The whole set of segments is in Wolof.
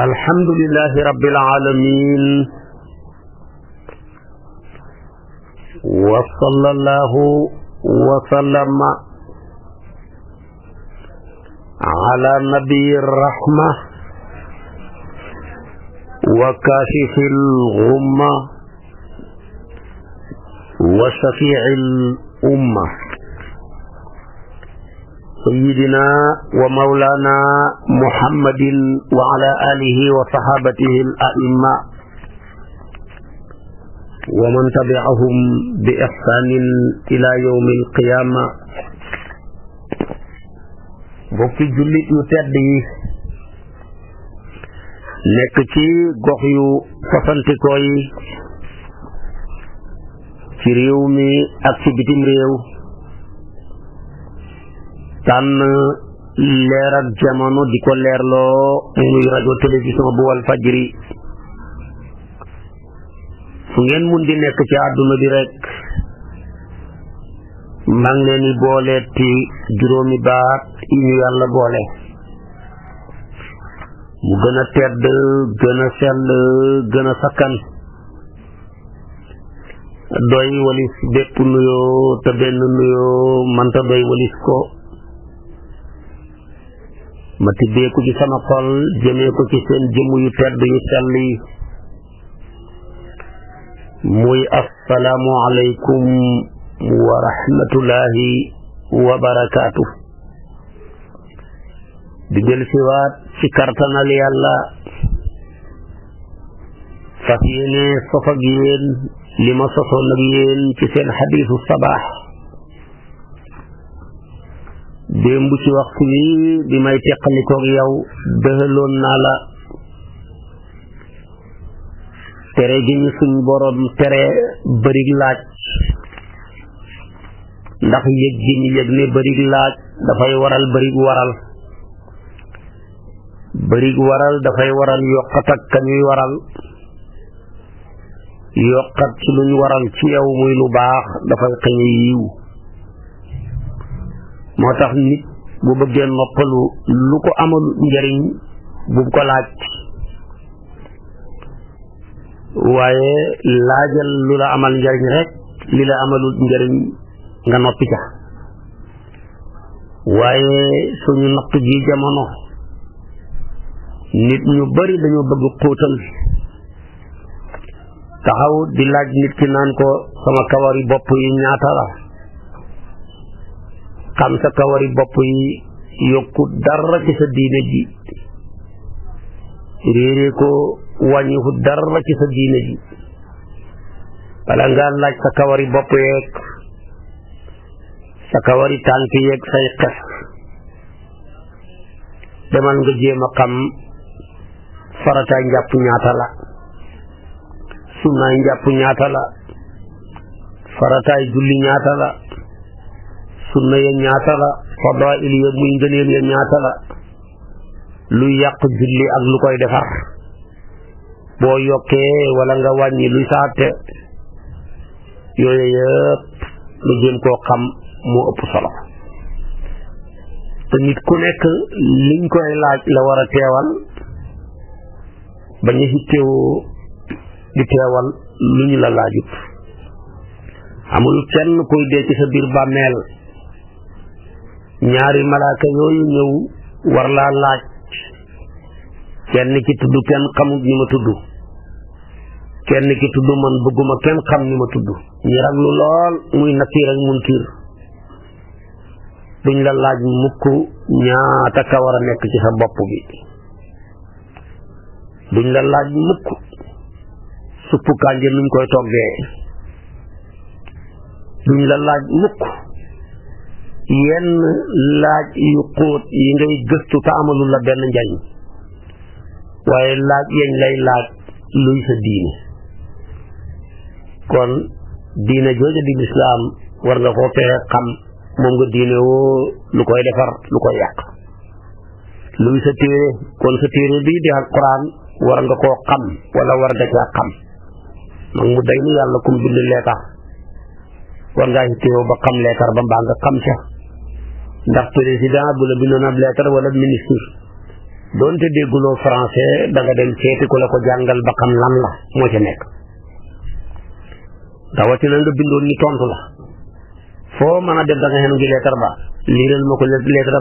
الحمد لله رب العالمين وصلى الله وسلم على نبي الرحمة وكاشف الغمة وشفيع الأمة سيدنا ومولانا محمد وعلى آله وصحابته الأئمة ومن تبعهم بإحسان إلى يوم القيامة bokki jullit yu نكتي yi فسنتكوي في ريومي أكسي بتمريو yi tànn leer ak di ko leerloo muy rajo télévision bu wal fu ngeen mun di nekk ci àdduna bi rek maa ngi leen juróomi baat yi ñu yàlla boole mu gën a tedd gën a sell gën a sakkan doy walis bépp nuyoo te benn nuyoo mënta doy walis ko ma tibbee ko ci sama xol jëmee ko ci seen jëmm yu tedd yu sell muy assalaamu aleykum wa rahmatullahi wa barakaatu di jël siwaat ci kartanal yàlla fas yéene sof ak yéen li ma sosoon ak yéen ci seen xadiisu sabaax démb ci waxtu wi bi may teqalikoog yow dëxaloon naa la tere gi ñu suñ boroom tere bërig laaj ndax yëg gi ñu yëg ne bërig laaj dafay waral bërig waral bërig waral dafay waral yokkat ak kañuy waral yokkat ci luñ waral ci yow muy lu baax dafay xëñe yiw moo tax nit bu bëggee noppalu lu ko amalu njariñ bu ko laaj waaye laajal lu la amal njariñ rek li la amalul njariñ nga noppi ca waaye suñu natt ji jamono nit ñu bari dañoo bëgg xóotal taxaw di laaj nit ki naan ko sama kawari bopp yi ñaata la xam sa kawari bopp yi yokku dara ci sa ko wàññiku dara ci sa diine ji laaj sa kawari bopp yeeg sa kawari tànk yeeg say xef demal nga jéem a farataay njàpp ñaata la sunnaay njàpp farataay julli ñaata la sunna ya ñaata la fadail ya muy ngëneel ya ñaata la luy yàq julli ak lu koy defar boo yokkee wala nga wàññi luy saate yooyu yëpp lu jëm koo xam moo ëpp solo te nit ku nekk liñ koy laaj la war a teewal bañ a hittewoo di teewal lu la laajut amul kenn kuy dee ci sa biir bàmmeel ñaari malaaka yooyu ñëw war laa laaj kenn ki tudd kenn xamut ñi ma tuddu kenn ki tudd man bëgguma kenn xam ñi ma tudd ñi lu lool muy nakiir ak munkiir duñ la laaj mukk ñaata ka war a nekk ci sa bopp bi duñ la laaj mukk suppu kànja nuñ koy toggee duñ la laaj mukk yenn laaj yu xóot yi ngay gëstu te la benn njariñ waaye laaj yañ lay laaj luy sa diine kon diine jooja di lislaam war nga koo fexe xam moom nga diine woo lu koy defar lu koy yàq luy sa téere kon sa téere bii di alquran war nga koo xam wala war nga caa xam mag mu day nu yàlla kum bind leetar war ngaa yittewoo ba xam leetar ba mbaa nga xam ca ndax président bu la bindoon ab lettre wala ministre doonte dégguloo français da nga dem seeti ku la ko jàngal ba xam lan la moo ca nekk rawatina nga la foo mën a dem da nga xenu ngi lettre ba liiral ma ko lettre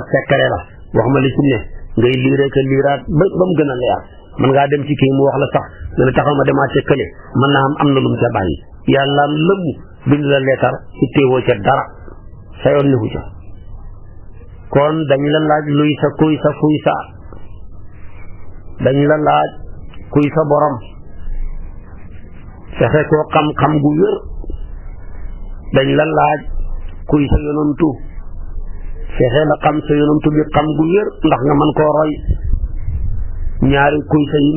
wax ma li ci ne ngay liire ka liiraat ba ba mu gën a leer mën ngaa dem ci kii mu wax la sax nga ne taxaw ma demaat ca kële mën naa am am na lu mu ca bàyyi yàlla lëmm bind la lettre ci téewoo ca dara sayoon ni fu ca kon dañ la laaj luy sa kuy sa fuy sa dañ la laaj kuy sa borom fexe koo xam-xam gu wér dañ la laaj kuy sa yonantu fexe la xam sa yonantu bi xam gu ndax nga mën koo roy ñaari kuy sa yi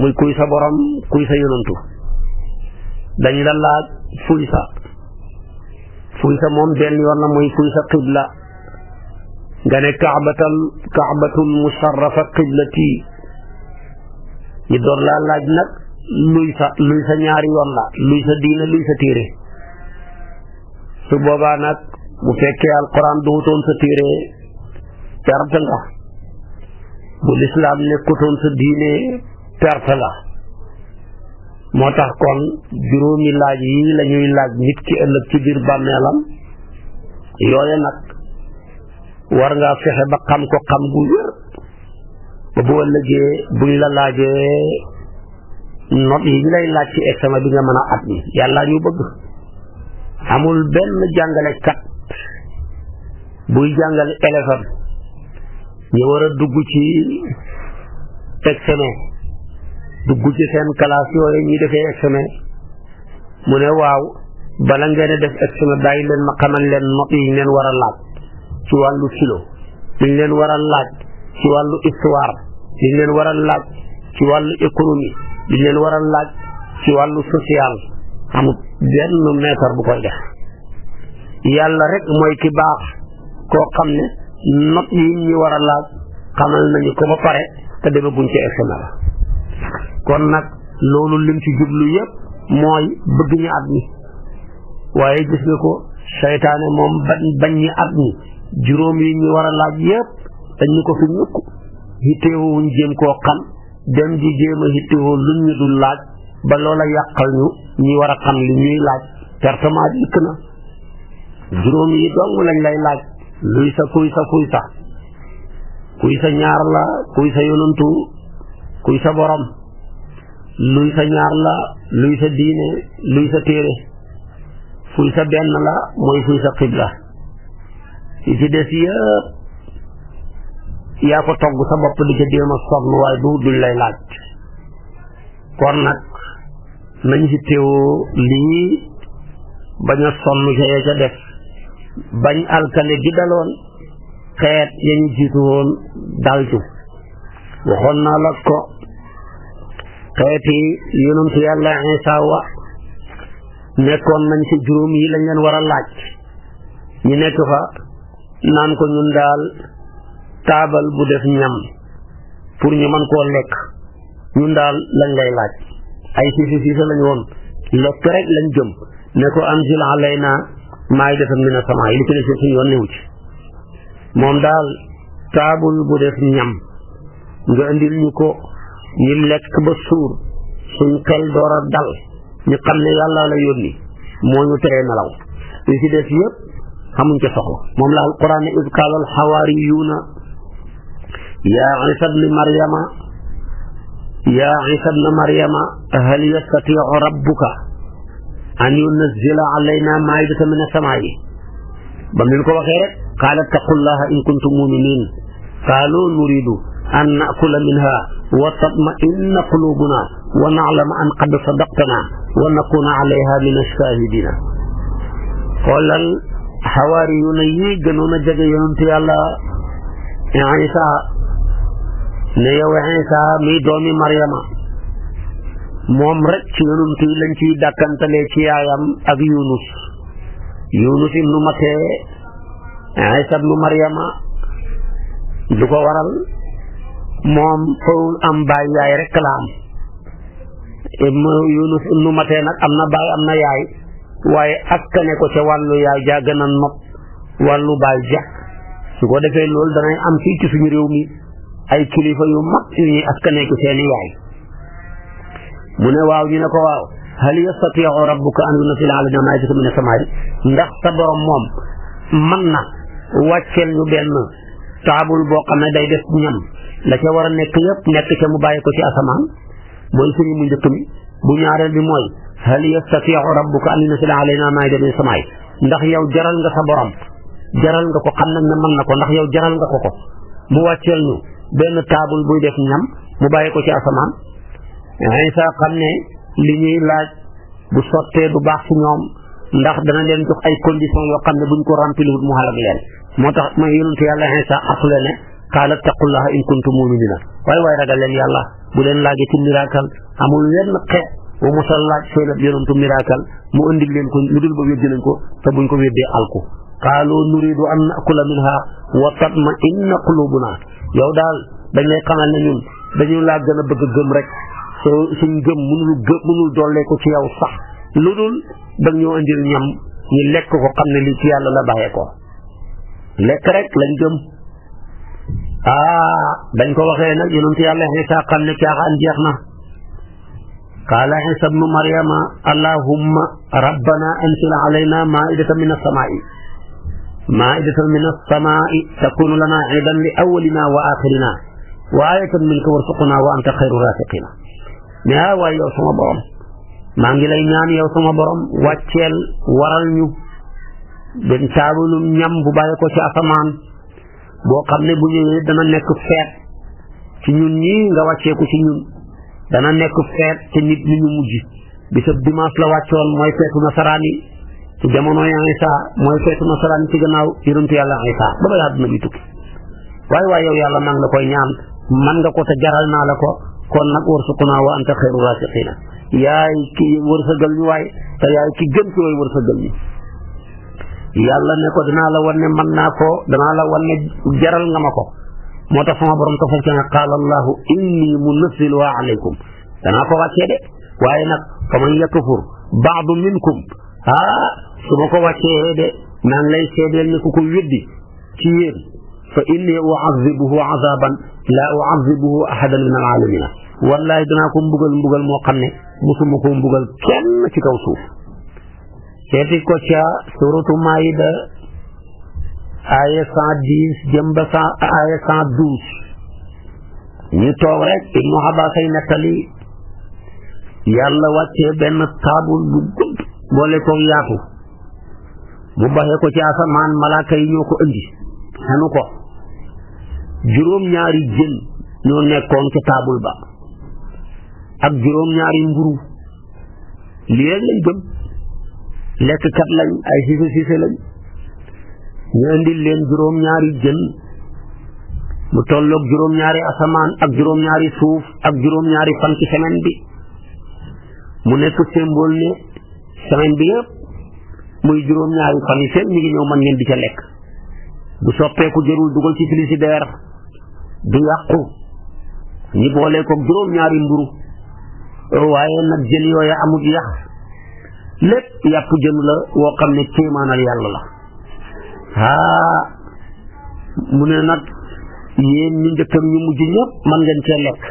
muy kuy sa borom kuy sa yonantu dañ la laaj fuy sa fuy sa moom benn yoon la muy fuy sa xibla nga ne kaabatal kaabatul musharrafa qiblati ñi doon laa laaj nag luy sa ñaari yoon la luy sa diine luy sa téere su boobaa nag bu fekkee alquran duutoon sa téere perte nga bu lislaam nekkutoon sa diine perte la moo tax kon juróomi laaj yi la ñuy laaj nit ki ëllëg ci biir bàmmeelam yooya nag war ngaa fexe ba xam ko xam gu wér ba bu ëllëgee buñ la laajee not yi ñu lay laaj ci examen bi nga mën a at mi yàlla ñu bëgg amul benn jàngalekat buy jàngale élève am ñu war a dugg ci examen dugg ci seen classe yooyu ñuy defee examen mu ne waaw bala ngeen a def examen bàyyi leen ma xamal leen not yi ñu leen war a laaj ci wàllu kilo liñ leen war a laaj ci wàllu histoire liñ leen war laaj ci wàllu économie liñ leen war laaj ci wàllu social amul benn meetar bu koy def yàlla rek mooy ki baax koo xam ne not yi ñi war a laaj xamal nañu ko ba pare te demaguñ ci examen la kon nag loolu lim ci jublu yépp mooy bëgg ñu at mi waaye gis nga ko seytaane moom bañ bañ ñu at mi juróom yi ñu war a laaj yépp dañ ñu ko fi ñukk hitteewuñ jéem koo xam dem di jéem a hitteewoo luñ dul laaj ba loola yàqal ñu ñi war a xam li ñuy laaj pertement dikk na juróom yi dong lañ lay laaj luy sa kuy sa kuy sa ñaar la kuy sa yonantu kuy sa borom luy sa ñaar la luy sa diine luy sa téere fuy sa benn la mooy fuy sa xibla yi ci des yëpp yaa ko togg sa bopp di ca déema sonn waaye du duñ lay laaj kon nag nañ ci teewoo bañ a sonn ca ya ca def bañ alkale gi daloon xeet yañ jiitu woon dal ci waxoon naa la ko xeeti yonentu yàlla Isa wa nekkoon nañ ci juróom yi lañ leen war a laaj ñu nekk fa naan ko ñun daal taabal bu def ñam pour ñu mën koo lekk ñun daal lañ lay laaj ay siisi siisa lañ woon lekk rek lañ jëm ne ko anzil alayna maa'idatan mina samaa'i li ci ne suñu yoon newu ci moom daal taabal bu def ñam nga indil ñu ko ñu lekk ba suur suñ xel door dal ñu xam ne yàlla la yónni moo ñu teree nelaw li ci des yëpp xamuñ ci soxla moom la alquran ne qala al xawaariyuuna yaa isa bni maryama ya isa bna maryama hal yastatiu rabbuka an yunazila alayna maidata min asamaai bam leen ko waxee rek qaalat taqullaha in kuntum muminin qalu nuridu an nakula minha wa qulubuna وتطمئن قلوبنا ونعلم أن قد صدقتنا ونكون عليها من الشاهدين قال xawaari yu na yi gënoon a jege yonentu yàlla Isa ne yow Isa mi doomi Maryama moom rek ci yonent yi lañ ciy dàkkantalee yaayam ak Yunus Yunus ibnu Matee Isa ibnu Maryama du ko waral moom fawul am baay yaay rek la am Yunus ibnu Matee nag am baay am yaay waaye askane ko ca wàllu yaay jaa gën a nopp wàllu baay ja su ko defee loolu danay am fii ci suñu réew mi ay kilifa yu mag yu ñuy askane ko seeni yaay mu ne waaw ñu ne ko waaw hal yastatiu rabbuka an yunzila alayna maa'idatan mina samaai ndax sa borom moom man na wàcceel ñu benn taabul boo xam ne day def ñam la ca war a nekk yëpp nekk ca mu bàyyi ko ci asamaan mooy firi mu njëkk mi bu ñaareel bi mooy hal yastatiu rabbuka an yunzila alayna maa'idatan mina samaa'i ndax yow jaral nga sa borom jaral nga ko xam nañ ne mën na ko ndax yow jaral nga ko ko mu wàcceel ñu benn taabul buy def ñam mu bàyyi ko ci asamaan Isa xam ne li ñuy laaj bu sottee du baax ci ñoom ndax dana leen jox ay conditions yoo xam ne buñ ko remplir mu xalak leen moo tax may yonent yàlla Isa asule ne qaala taqullaha in kuntum muminina waaye waaye ragal leen yàlla bu leen laajee ci miracle amul lenn xeet wa Musa laaj seen ab yonantu miracle mu indil leen ko lu dul ba weddi nañ ko te buñ ko weddee alku qaalu nuridu an nakula minha wa tatma inna qulubuna yow daal dañ lay xamal ne ñun laa gën a bëgg gëm rek suñ gëm mënul gëm mënul dollee ko ci yow sax lu dul da ñoo ñam ñu lekk ko xam ne lii ci yàlla la bàyyee ko lekk rek lañ gëm ah dañ ko waxee nag yonent yàlla Iisaa xam ne caaxaan jeex na qaala isa bnu maryama allahumma rabbana ansil alayna maidatan min alsamaai maidatan min alsamaai takunu lana iidan li awalina wa axirina wa ayatan minka warzuqna wa anta xayru raziqina ne ah waay yow sama borom maa ngi lay ñaan yow sama borom wàcceel waral ñu benn taabalum ñam bu bàyyi ko ci asamaan boo xam ne bu ñëwee dana nekk feet ci ñun ñii nga wàcceeku ci ñun dana nekk feet ci nit ñi ñu mujj bisab dimanche la wàccoon mooy feetu nasaraan ci jamonoy Isa mooy feetu yi ci gannaaw yàlla Isa ba ba àdduna bi tukki waaye waaye yow yàlla nang la koy ñaan man nga ko te jaral naa la ko kon nag warsuqnaa wa anta xayru raasiqiina yaay ki wërsëgal ñu waay te yaay ki gën ci way wërsëgal ñu yàlla ne ko danaa la wan ne man naa ko danaa la wan ne jaral nga ma ko moo tax sama borom tafal ca ne qaala allahu inni munazzilu alaykum danaa ko wàccee de waaye nag fa man yakfur baadu minkum ah su ma ko wàccee de naan lay seedeel ni ku ko weddi ci yéen fa inni uazibuhu azaban la uazibuhu ahadan min alalamina wallahi danaa ko mbugal mbugal moo xam ne musuma ko mbugal kenn ci kaw suuf seeti ko ca suratu maida aaya cent dix jëm ba cent aaya cent douze ñu toog rek Ibnu Abbas ay nettali yàlla wàccee benn taabul bu gudd boole yaatu mu baxee ko ci asamaan malaaka ñoo ko indi xenu ko juróom-ñaari jën ñoo nekkoon ci taabul ba ak juróom-ñaari mburu li lañ gëm lekk kat lañ ay siise siise lañ ñu indil leen juróom-ñaari jën mu tolloog juróom-ñaari asamaan ak juróom-ñaari suuf ak juróom-ñaari fan ci semaine bi mu nekk symbole ne semaine bi yëpp muy juróom-ñaari fan yi seen ñu ñëw man ngeen di ca lekk bu soppeeku jërul dugal ci frigidaire du yàqu ñi boole ko juróom-ñaari mburu waaye nag jën yooya amut yax lépp yàpp jën la woo xam ne kéemaanal yàlla la haa mu ne nag yéen ñu njëkk ak ñu mujj ñëpp mën ngeen cee lekk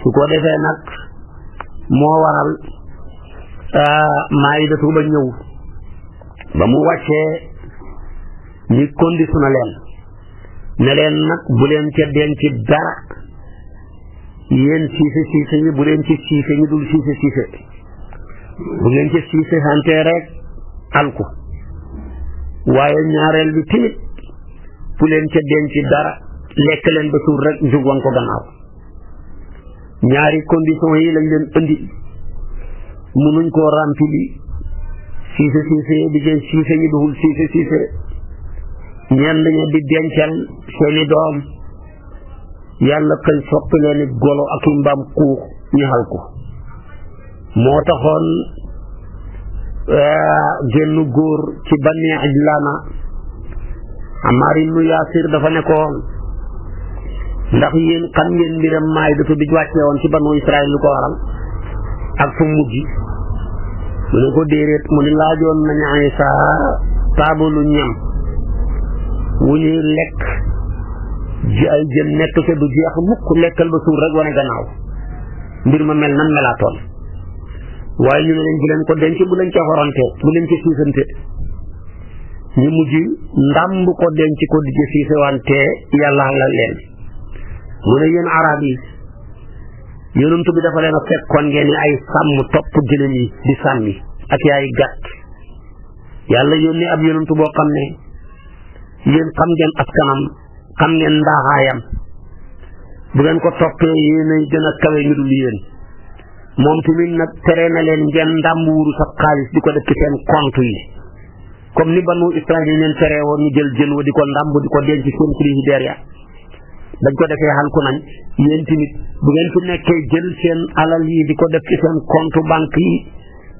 su ko defee nag moo waral maa yi datu ba ñëw ba mu wàccee ni conditionné leen ne leen nag bu leen ca denc dara yéen siise siise yi bu leen ci siise ñu dul siise siise bu ngeen ca siise sante rek alku waaye ñaareel bi timit bu leen ca denc dara lekk leen ba suur rek jug wan ko gannaaw ñaari condition yi lañ leen indi munuñ ko rempli siise siise di jël siise ñu duhul siise siise ñenn ña di dencal seeni doom yàlla kay soppi leen golo ak i mbaam kuux ñu xal ko moo taxoon Eh, génn góor ci bani ajlaana amaar ibnu yaasir dafa ne ko ndax yéen xam ngeen mbiram maay dafa bi wàccee woon ci banu israel lu ko waral ak fu mujj mu ne ko déeréet mu ne laajoon nañu ay saa taabalu ñam wu ñuy lekk ji ay jën nekk ca du jeex mukk lekkal ba suur rek wane gannaaw mbir ma mel nan melaatoon waaye ñu ne leen ko denc bu leen ca xorante bu leen ca ñu mujj ndàmb ko denc ko di ca siisewante yàlla la leen mu ne yéen arab yi yonent bi dafa leen a fekkoon ngeen ay sàmm topp gëlëm yi di sàmmi ak yaay gàtt yàlla yónni ab yonent boo xam ne yéen xam ngeen askanam xam ngeen ndaaxaayam bu leen ko toppee yéenay gën a kawe ñu dul yéen moom tamit nag tere na leen ngeen ndàmb wuru sa xaalis di ko def ci seen compte yi comme ni banu Israël yi leen tere woon ñu jël jën wa di ko ndàmb di ko denc seen frigidaire ya dañ ko defee xal ku nañ yéen tamit bu ngeen fi nekkee jël seen alal yi di ko def ci seen compte banque yi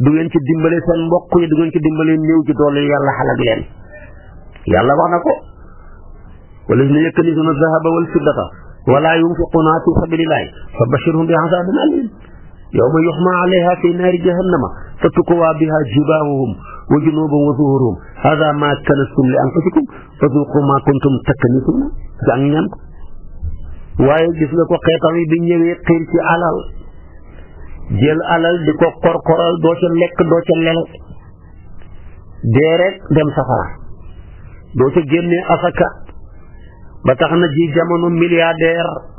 du ngeen ci dimbale seen mbokk yi du ngeen ci dimbale néew ci doole yàlla xalak leen yàlla wax na ko walladina yaknisuna zahaba wal fiddata wala yunfiquna fi sabilillahi fa bashirhum bi azabin alim yawma yuxma alayha fi naari jahannama fatukwaa biha jibaahuhum wa junuubuhum wa zuhuruhum haadaa maa kanastum li anfusikum fazuuquu maa kuntum taknisuuna jàng ñaan ko waaye gis nga ko xeetam yi bi ñëwee xiir ci alal jël alal di ko korkoral doo ca lekk doo ca lele dee rek dem safara doo ca génnee asaka ba tax na ji jamono milliardaire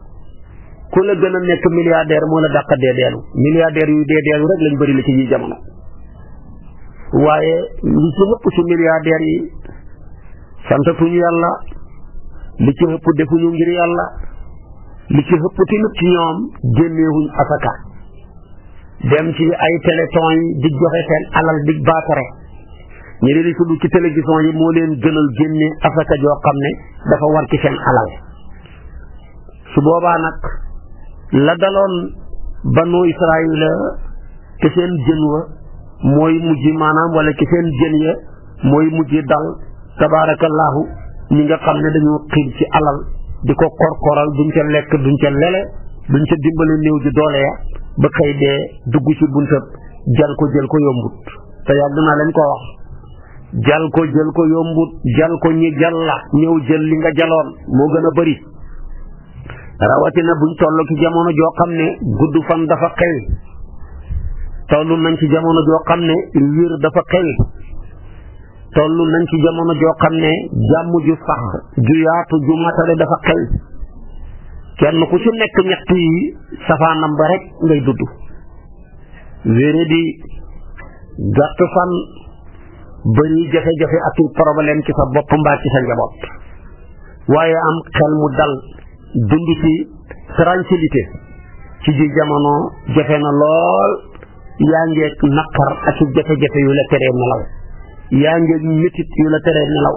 ku la gën a nekk milliardaire moo la dàq dee deelu milliardaire yu dee deelu rek lañ bëri la ci yi jamono waaye li ci ëpp ci milliardaire yi santatuñu yàlla li ci ëpp defuñu ngir yàlla li ci ëpp tamit ci ñoom génneewuñ asaka dem ci ay téléthon yi di joxe seen alal di baatare ñu leen di tudd ci télévision yi moo leen gënal génne asaka joo xam ne dafa war ci seen alal su boobaa nag la daloon banu israila ke seen jën wa mooy mujj maanaam wala ke jën ya mooy mujj dal tabaarakallaahu ñi nga xam ne dañu xiir ci alal di ko korkoral duñ ca lekk duñ ca lele duñ ca dimbale néew ji doole ya ba xëy dee dugg ci buntab jal ko jël ko yombut te yàgg naa leen ko wax jal ko jël ko yombut jal ko ñi jal ñëw jël li nga jaloon moo gën a bari rawatina buñ toll ci jamono joo xam ne gudd fan dafa xew toll nañ ci jamono joo xam ne wér dafa xew nañ ci jamono joo xam ne jàmm ju sax ju yaatu ju matale dafa xew kenn ku ci nekk ñett yi safaanam ba rek ngay dudd wére di gàtt fan bëri jafe-jafe atul problème ci sa bopp mbaa ci sa njaboot waaye am xel mu dal dund ci tranquillité ci ji jamono jafe na lool yaa ngeeg naqar ak jafe-jafe yu la teree nelaw yaa ngeeg métit yu la teree nelaw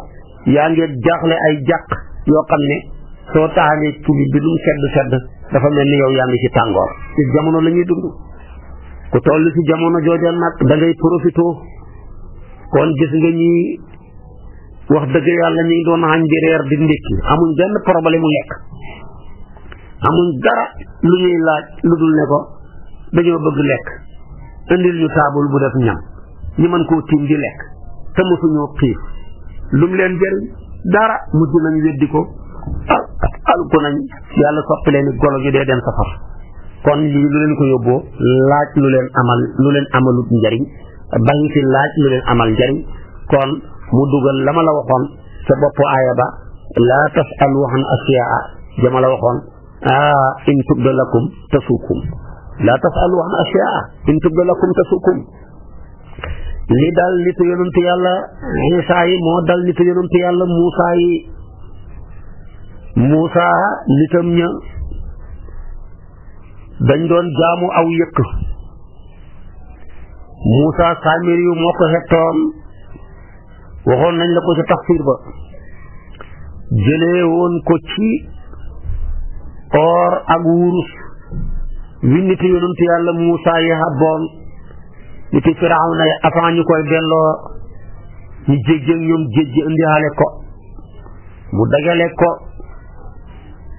yaa ngeeg jaaxle ay jàq yoo xam ne soo ngi tuli bi dum sedd sedd dafa mel ni yow yaa ngi ci tàngoor ci jamono la ñuy dund ku toll ci jamono jooja nag da ngay kon gis nga ñi wax dëgg yàlla ñu ngi doon añ di reer di ndékki amuñ benn problème mu lekk amuñ dara lu ñuy laaj lu dul ne ko dañoo bëgg lekk indil ñu taabul bu def ñam ñi mën koo tiim di lekk te mosuñoo lu mu leen jëriñ dara mujj nañ weddi ko ah, alku nañ yàlla soppi leen golo ju dee dem safar kon lii lu leen ko yóbboo laaj lu leen amal lu leen amalut njariñ bañ fi laaj lu leen amal njariñ kon mu dugal la ma la waxoon sa bopp aaya ba laa tasalu an asiyaa ja ma la waxoon ah in tubda lakum tasukum laa tasalu an asiyaa in tubda lakum tasukum li dal nitu yonentu yàlla Isaa yi moo dal nitu yonentu yàlla Muusaa yi Muusaa dañ doon jaamu aw yëkk Muusaa Saamiri yu moo ko xettoon waxoon nañ la ko ci tafsir ba jëlee woon ko ci or ak wurus wi nit yonent yàlla Muusaa yi xaboon nit yi Firawna yi avant ñu koy delloo ñu jéjjee ñoom jéjjee indiwaale ko mu dajale ko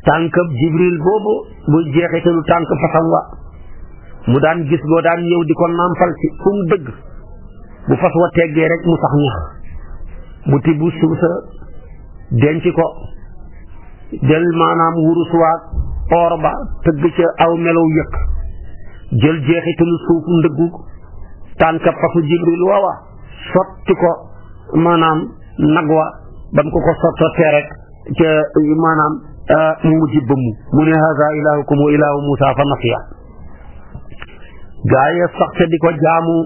tànkab Jibril boobu muy jeexitalu tànk façon wa mu daan gis boo daan ñëw di ko nàmpal ci fu mu dëgg bu fas wa teggee rek mu sax ñax mu tibb suuf sa denc ko jël maanaam wurus waag or ba tëgg ca aw melow yëkk jël jeexitalu suufu ndëggu tànka pasu jibril waawa sotti ko maanaam nag wa ban ko ko sottotee rek ca maanaam mu mujj mu ne haza ilaahukum wa ilaahu Muusa fa nasiya gaa yi sax di ko jaamu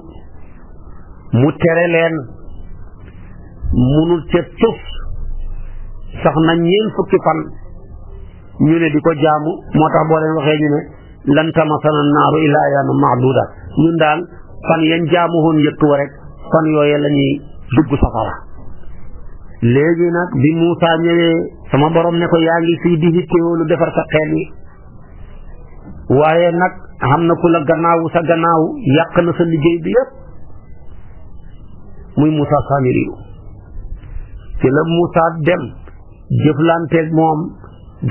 mu tere leen munul ca tus sax na ñeen fukki fan ñu ne di ko jaamu moo tax boo leen waxee ñu ne lan tamasana naaru ilaa ayaaman maaduda ñun daal fan yan jaamu woon njëkk wa rek fan yooye la dugg safara léegi nag bi Moussa ñëwee sama borom ne ko yaa ngi fii di hittewoo lu defar sa yi waaye nag xam na ku la gannaawu sa gannaawu yàq na sa liggéey bi yépp muy Moussa Samiri ci la dem jëflanteeg moom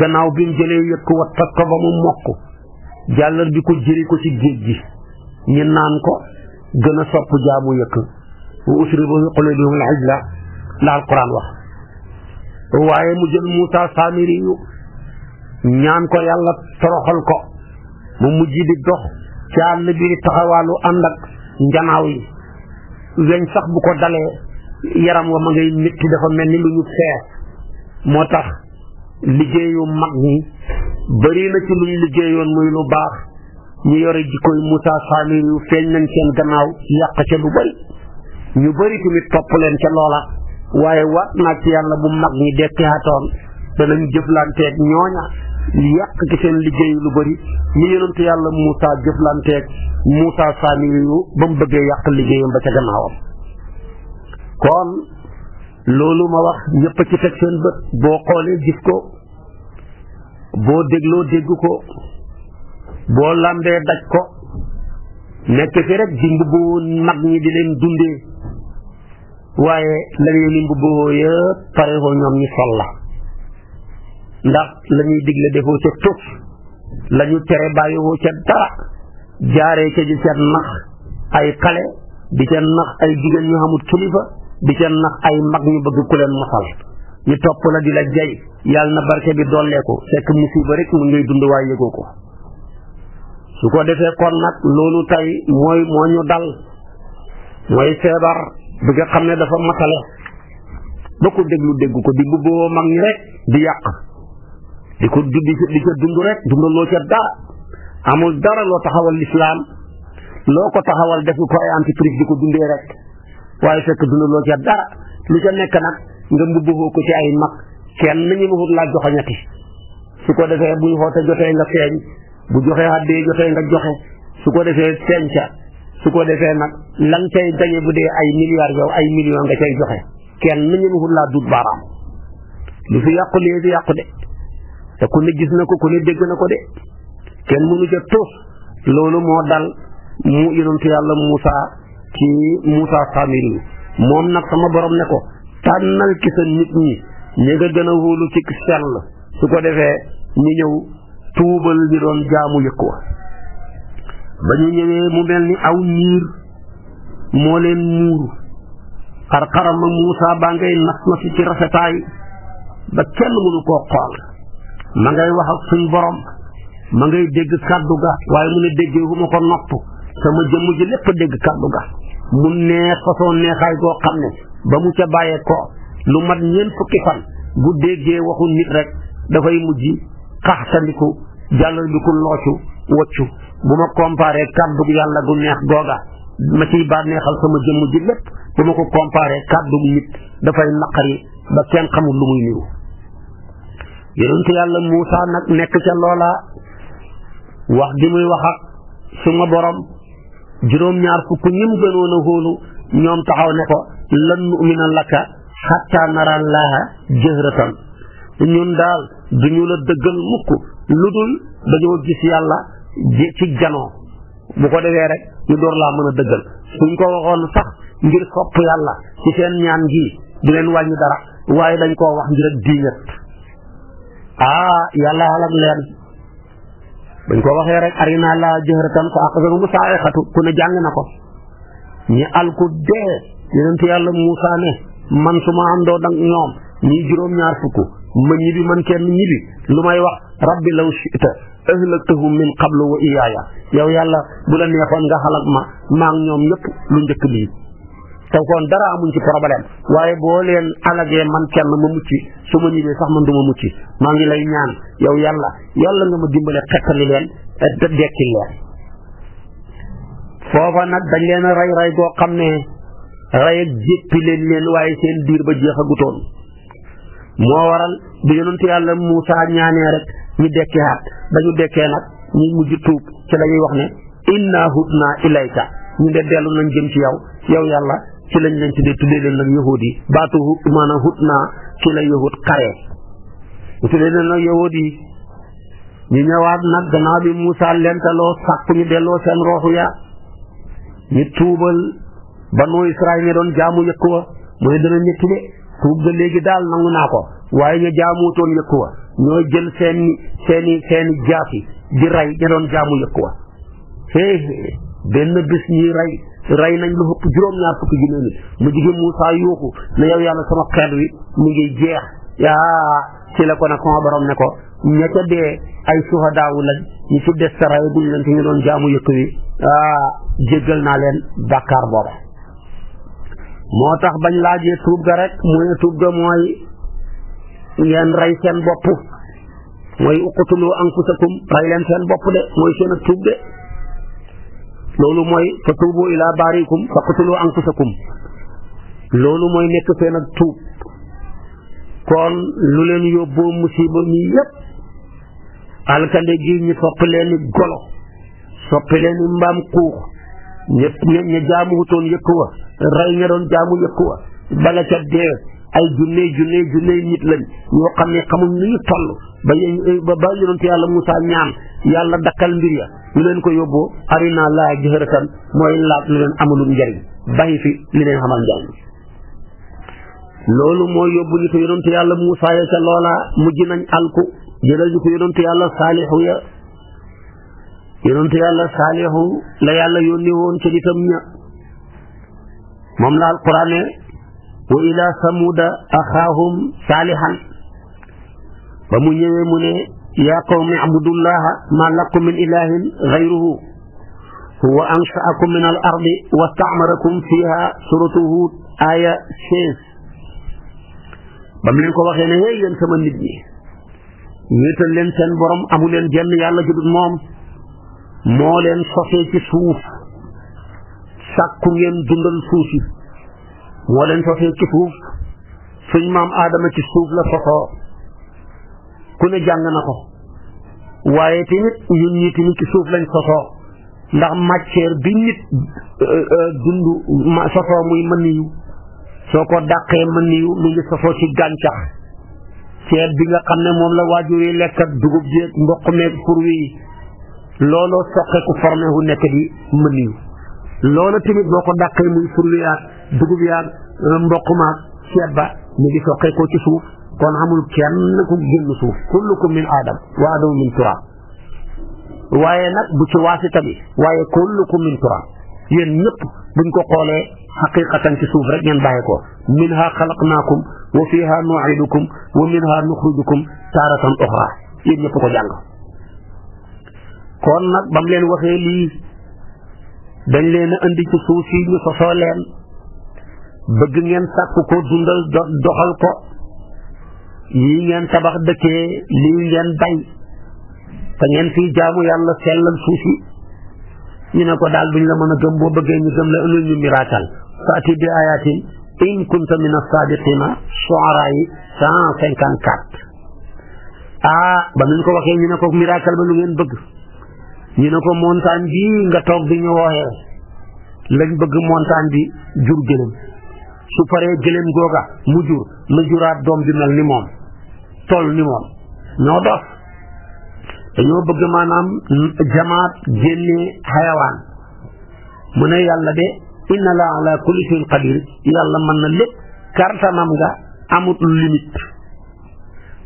gannaaw bi mu jëlee yëkk wattat ko ba mu mokk jàllar bi ko jëri ko ci géej gi ñu naan ko gën a sopp jaamu yëkk wa usribu fi qulubihim al-ajla la alquran wax waaye mu jël Muusa Saamiri ñaan ko yàlla toroxal ko mu mujj di dox ci àll bi di taxawaalu ànd ak njanaaw yi weñ sax bu ko dalee yaram wa ma ngay métti dafa mel ni lu ñu feer moo tax liggéeyu mag ñi bëri na ci luñ liggéeyoon muy lu baax ñu yore jikkoy Moussa Samir yu feeñ nañ seen gannaaw yàq ca lu bëri ñu bëri tamit topp leen ca loola waaye waat naa ci yàlla bu mag ñi dekki xatoon danañ jëflanteeg ñooña yàq ci seen liggéeyu lu bëri ñu yonentu yàlla Moussa jëflanteeg Moussa Samir yu ba mu bëggee yàq liggéeyam ba ca gannaawam kon loolu ma wax ñëpp ci teg seen bët boo xoolee gis ko boo dégloo dégg ko boo làmbee daj ko nekk fi rek di mbubboo mag ñi di leen dundee waaye la ñuy ni mbubboo yëpp pare ko ñoom ñu sol la ndax la ñuy digle defoo ca tuf la ñu tere bàyyiwoo ca dara jaaree ca di ca nax ay xale di ca nax ay jigéen ñu xamul kilifa di ca nax ay mag ñu bëgg ku leen mosal ñu topp la di la jay yàlla na barke bi dolleeku fekk musiba rek mu ngay dund waaye yëgoo ko su ko defee kon nag loolu tey mooy moo ñu dal mooy feebar bi nga xam ne dafa matale ba ko déglu dégg ko di mbubboo mag ñi rek di yàq di ko di di ca dund rek dundaloo ca dara amul dara loo taxawal lislaam loo ko taxawal def ko ay entreprise di ko dundee rek waaye fekk dundaloo ca dara lu ca nekk nag nga mbubboo ko ci ay mag kenn ñu ma wut laa joxoñati su ko defee buy xoote jotee nga feeñ bu joxee xaddee jotee nga joxe su ko defee feeñ su ko defee nag lan cay gañe bu dee ay milliards yow ay millions nga cay joxe kenn ñu ma wut laa dut baaraam lu fi yàqu lii fi yàqu de te ku ne gis na ko ku ne dégg na ko de kenn mënu ca tóos loolu moo dal mu yonentu yàlla Muusaa ci Moussa Samiri moom nag sama borom ne ko tànnal ci sa nit ñi ñi nga gën a wóolu ci sell su ko defee ñu ñëw tuubal ñi doon jaamu yëkk wa ba ñu ñëwee mu mel ni aw niir moo leen muuru xar-xaram ak Moussa baa ngay nas na fi ci rafetaay ba kenn mënu koo xool ma ngay wax ak suñ borom ma ngay dégg kàddu ga waaye mu ne déggee wu ko nopp sama jëmm ji lépp dégg kàddu ga mu neex façon neexaay goo xam ne ba mu ca bàyyee ko lu mat ñeent fukki fan bu déggee waxu nit rek dafay mujj xaxtandiku jàllandiku loocu waccu bu ma comparé kàddu yàlla gu neex googa ma ciy bànneexal sama jëmm ji lépp bu ma ko comparé kàddu nit dafay naqari ba kenn xamul lu muy niw yonentu yàlla Muusa nag nekk ca loola wax di muy wax ak suma borom juróom-ñaar fukk ñim gënoon a hóolu ñoom taxaw ne ko lan nu'mina laka xatta nara laaha jëhratan ñun daal duñu la dëggal mukk lu dul dañoo gis yàlla ci janoo bu ko defee rek ñu door laa mën a dëggal suñ ko waxoon sax ngir sopp yàlla ci seen ñaan gi du leen wàññi dara waaye dañ koo wax ngir ak diiŋat aa yàlla xalak leen bañ ko waxee rek arina la jëhratan fa axasahum saaiqatu ku ne jàng na ko ñi alku dee yonentu yàlla Muusaa ne man su ma àndoo nag ñoom ñii juróom-ñaar fukk ma ñi bi man kenn ñi lu may wax rabbi law shita ahlaktahum min qablu wa iyaaya yow yàlla bu la neexoon nga xalak ma maa ngi ñoom ñëpp lu njëkk lii te kon dara amuñ ci problème waye bo len alagé man kenn ma mucci suma ñibé sax man mucci ma ngi lay ñaan yow yalla yalla nga ma dimbalé len da eh, dékki fofa nak dañ leen ray ray go xamné ray ak jéppi leen leen waaye seen diir ba jeexagutoon moo waral bi yonent yàlla Moussa ñaanee rek ñu dekkee dañu dekkee nag ñu mujj tuub ci la wax ne inna hudna ilayka ñu de dellu nañ jëm ci yow yow yàlla ci lañ leen tuddee tuddee leen nag yahuud yi baatu maanaam hut naa ci la yahuud xare ñu tuddee leen nag yahuud yi ñu ñëwaat nag gannaaw bi Moussa lentaloo sàkk ñu delloo seen rooxu ya ñu tuubal banu Israayil ñu doon jaamu yëkku wa mu dana ñetti de tuub ga léegi daal nangu naa ko waaye ñu jaamutoon yëkku wa ñooy jël seen seeni seeni jaaf yi di rey ñu doon jaamu yëkku wa benn bis ñuy rey rey nañ lu ëpp juróom-ñaar fukki junne nit mu jigéen Moussa yuuxu ne yow yàlla sama xeet wi mu ngi jeex yaa ci la ko nag sama borom ne ko ña ca dee ay suhadaawu lañ ñu ci des sa rey buñ leen ci ñu doon jaamu yëkk wi ah naa leen bàkkaar booba moo tax bañ laajee tuub ga rek mu ne tuub ga mooy ngeen rey seen bopp mooy uqutulu anfusakum rey leen seen bopp de mooy seen ak tuub de loolu mooy fa tuubu ila baarikum fa qutulu anfusakum loolu mooy nekk seen ak tuub kon lu leen yóbboo musiba mi yépp alkande gi ñu soppi leen golo soppi leen i mbaam xuux ñëpp ña jaamu wutoon yëkk wa rey ña doon jaamu yëkk wa bala ca dee ay junne junne junne nit lañ ñoo xam ne xamuñ lu ñu toll ba ba yonent yàlla Moussa ñaan yàlla dakkal mbir ya lu leen ko yóbboo arina laa jëxëratan mooy laaj lu leen amalul njariñ bàyyi fi li leen xamal njariñ loolu moo yóbbu ñu ko yonentu yàlla Muusaa ya ca loola mujj nañ alku jëlal ñu ko yonentu yàlla saalixu ya yonentu yàlla saalixu la yàlla yónni woon ca nitam ña moom la alquraan ne wa ila samuda axaahum saalihan ba mu ñëwee mu ne يا قوم اعبدوا الله ما لكم من إله غيره هو أنشأكم من الأرض واستعمركم فيها سورة هود آية شيخ بملينكو واخي نه يين سما نيت ني نيتال لين سن بوروم امو لين جن يالا جودو موم مو لين سوفي سي سوف ساكو نين دوندال ادم سي لا سوفو ku ne jàng na ko waaye tamit ñun ñi tamit ci suuf lañ sosoo ndax matière bi nit euh, euh, dund sosoo muy mën niyu soo ko dàqee mën niyu lu ñu sosoo ci gàncax ceeb bi nga xam ne moom la waajur yi dugub jeeg mboq meeg fur wi looloo soqeeku formé bu nekk di mën niyu loolu tamit boo ko dàqee muy fur wi ak dugub yaag euh, mboq ceeb ba mu ngi soqeekoo ci suuf kon amul kenn ku génn suuf kullukum min adam wa adam min turab waye nak bu ci waasita bi waye kullukum min turab yen ñep buñ ko xolé haqiqatan ci suuf rek ñen baye ko minha khalaqnakum wa fiha nuidukum wa minha nukhrijukum taratan ukhra yen ñep ko jàng kon nak bam leen waxe li dañ leen andi ci suuf ci ñu sosoo leen bëgg ngeen sakku ko dundal doxal ko yii ngeen tabax dëkkee lii ngeen bay te ngeen fii jaamu yàlla sellal suuf si ñu ne ko daal duñ la mën a gëm boo bëggee ñu gëm la ëllëg ñu miracle faati bi ayatin in kunta min as-saadiqina soara cinquante quatre ah ba ñu ko waxee ñu ne ko miracle ba lu ngeen bëgg ñu ne ko montagne bi nga toog bi ñu wooyee lañ bëgg montagne bi jur gëlëm su paree gëléem googa mu jur na juraat doom bi mel ni moom toll ni moom ñoo dof dañoo bëgg maanaam jamaat génnee xayawaan mu ne yàlla de inna la àlla kulli shay'in qadir yàlla mën na lépp kartanam nga amut limite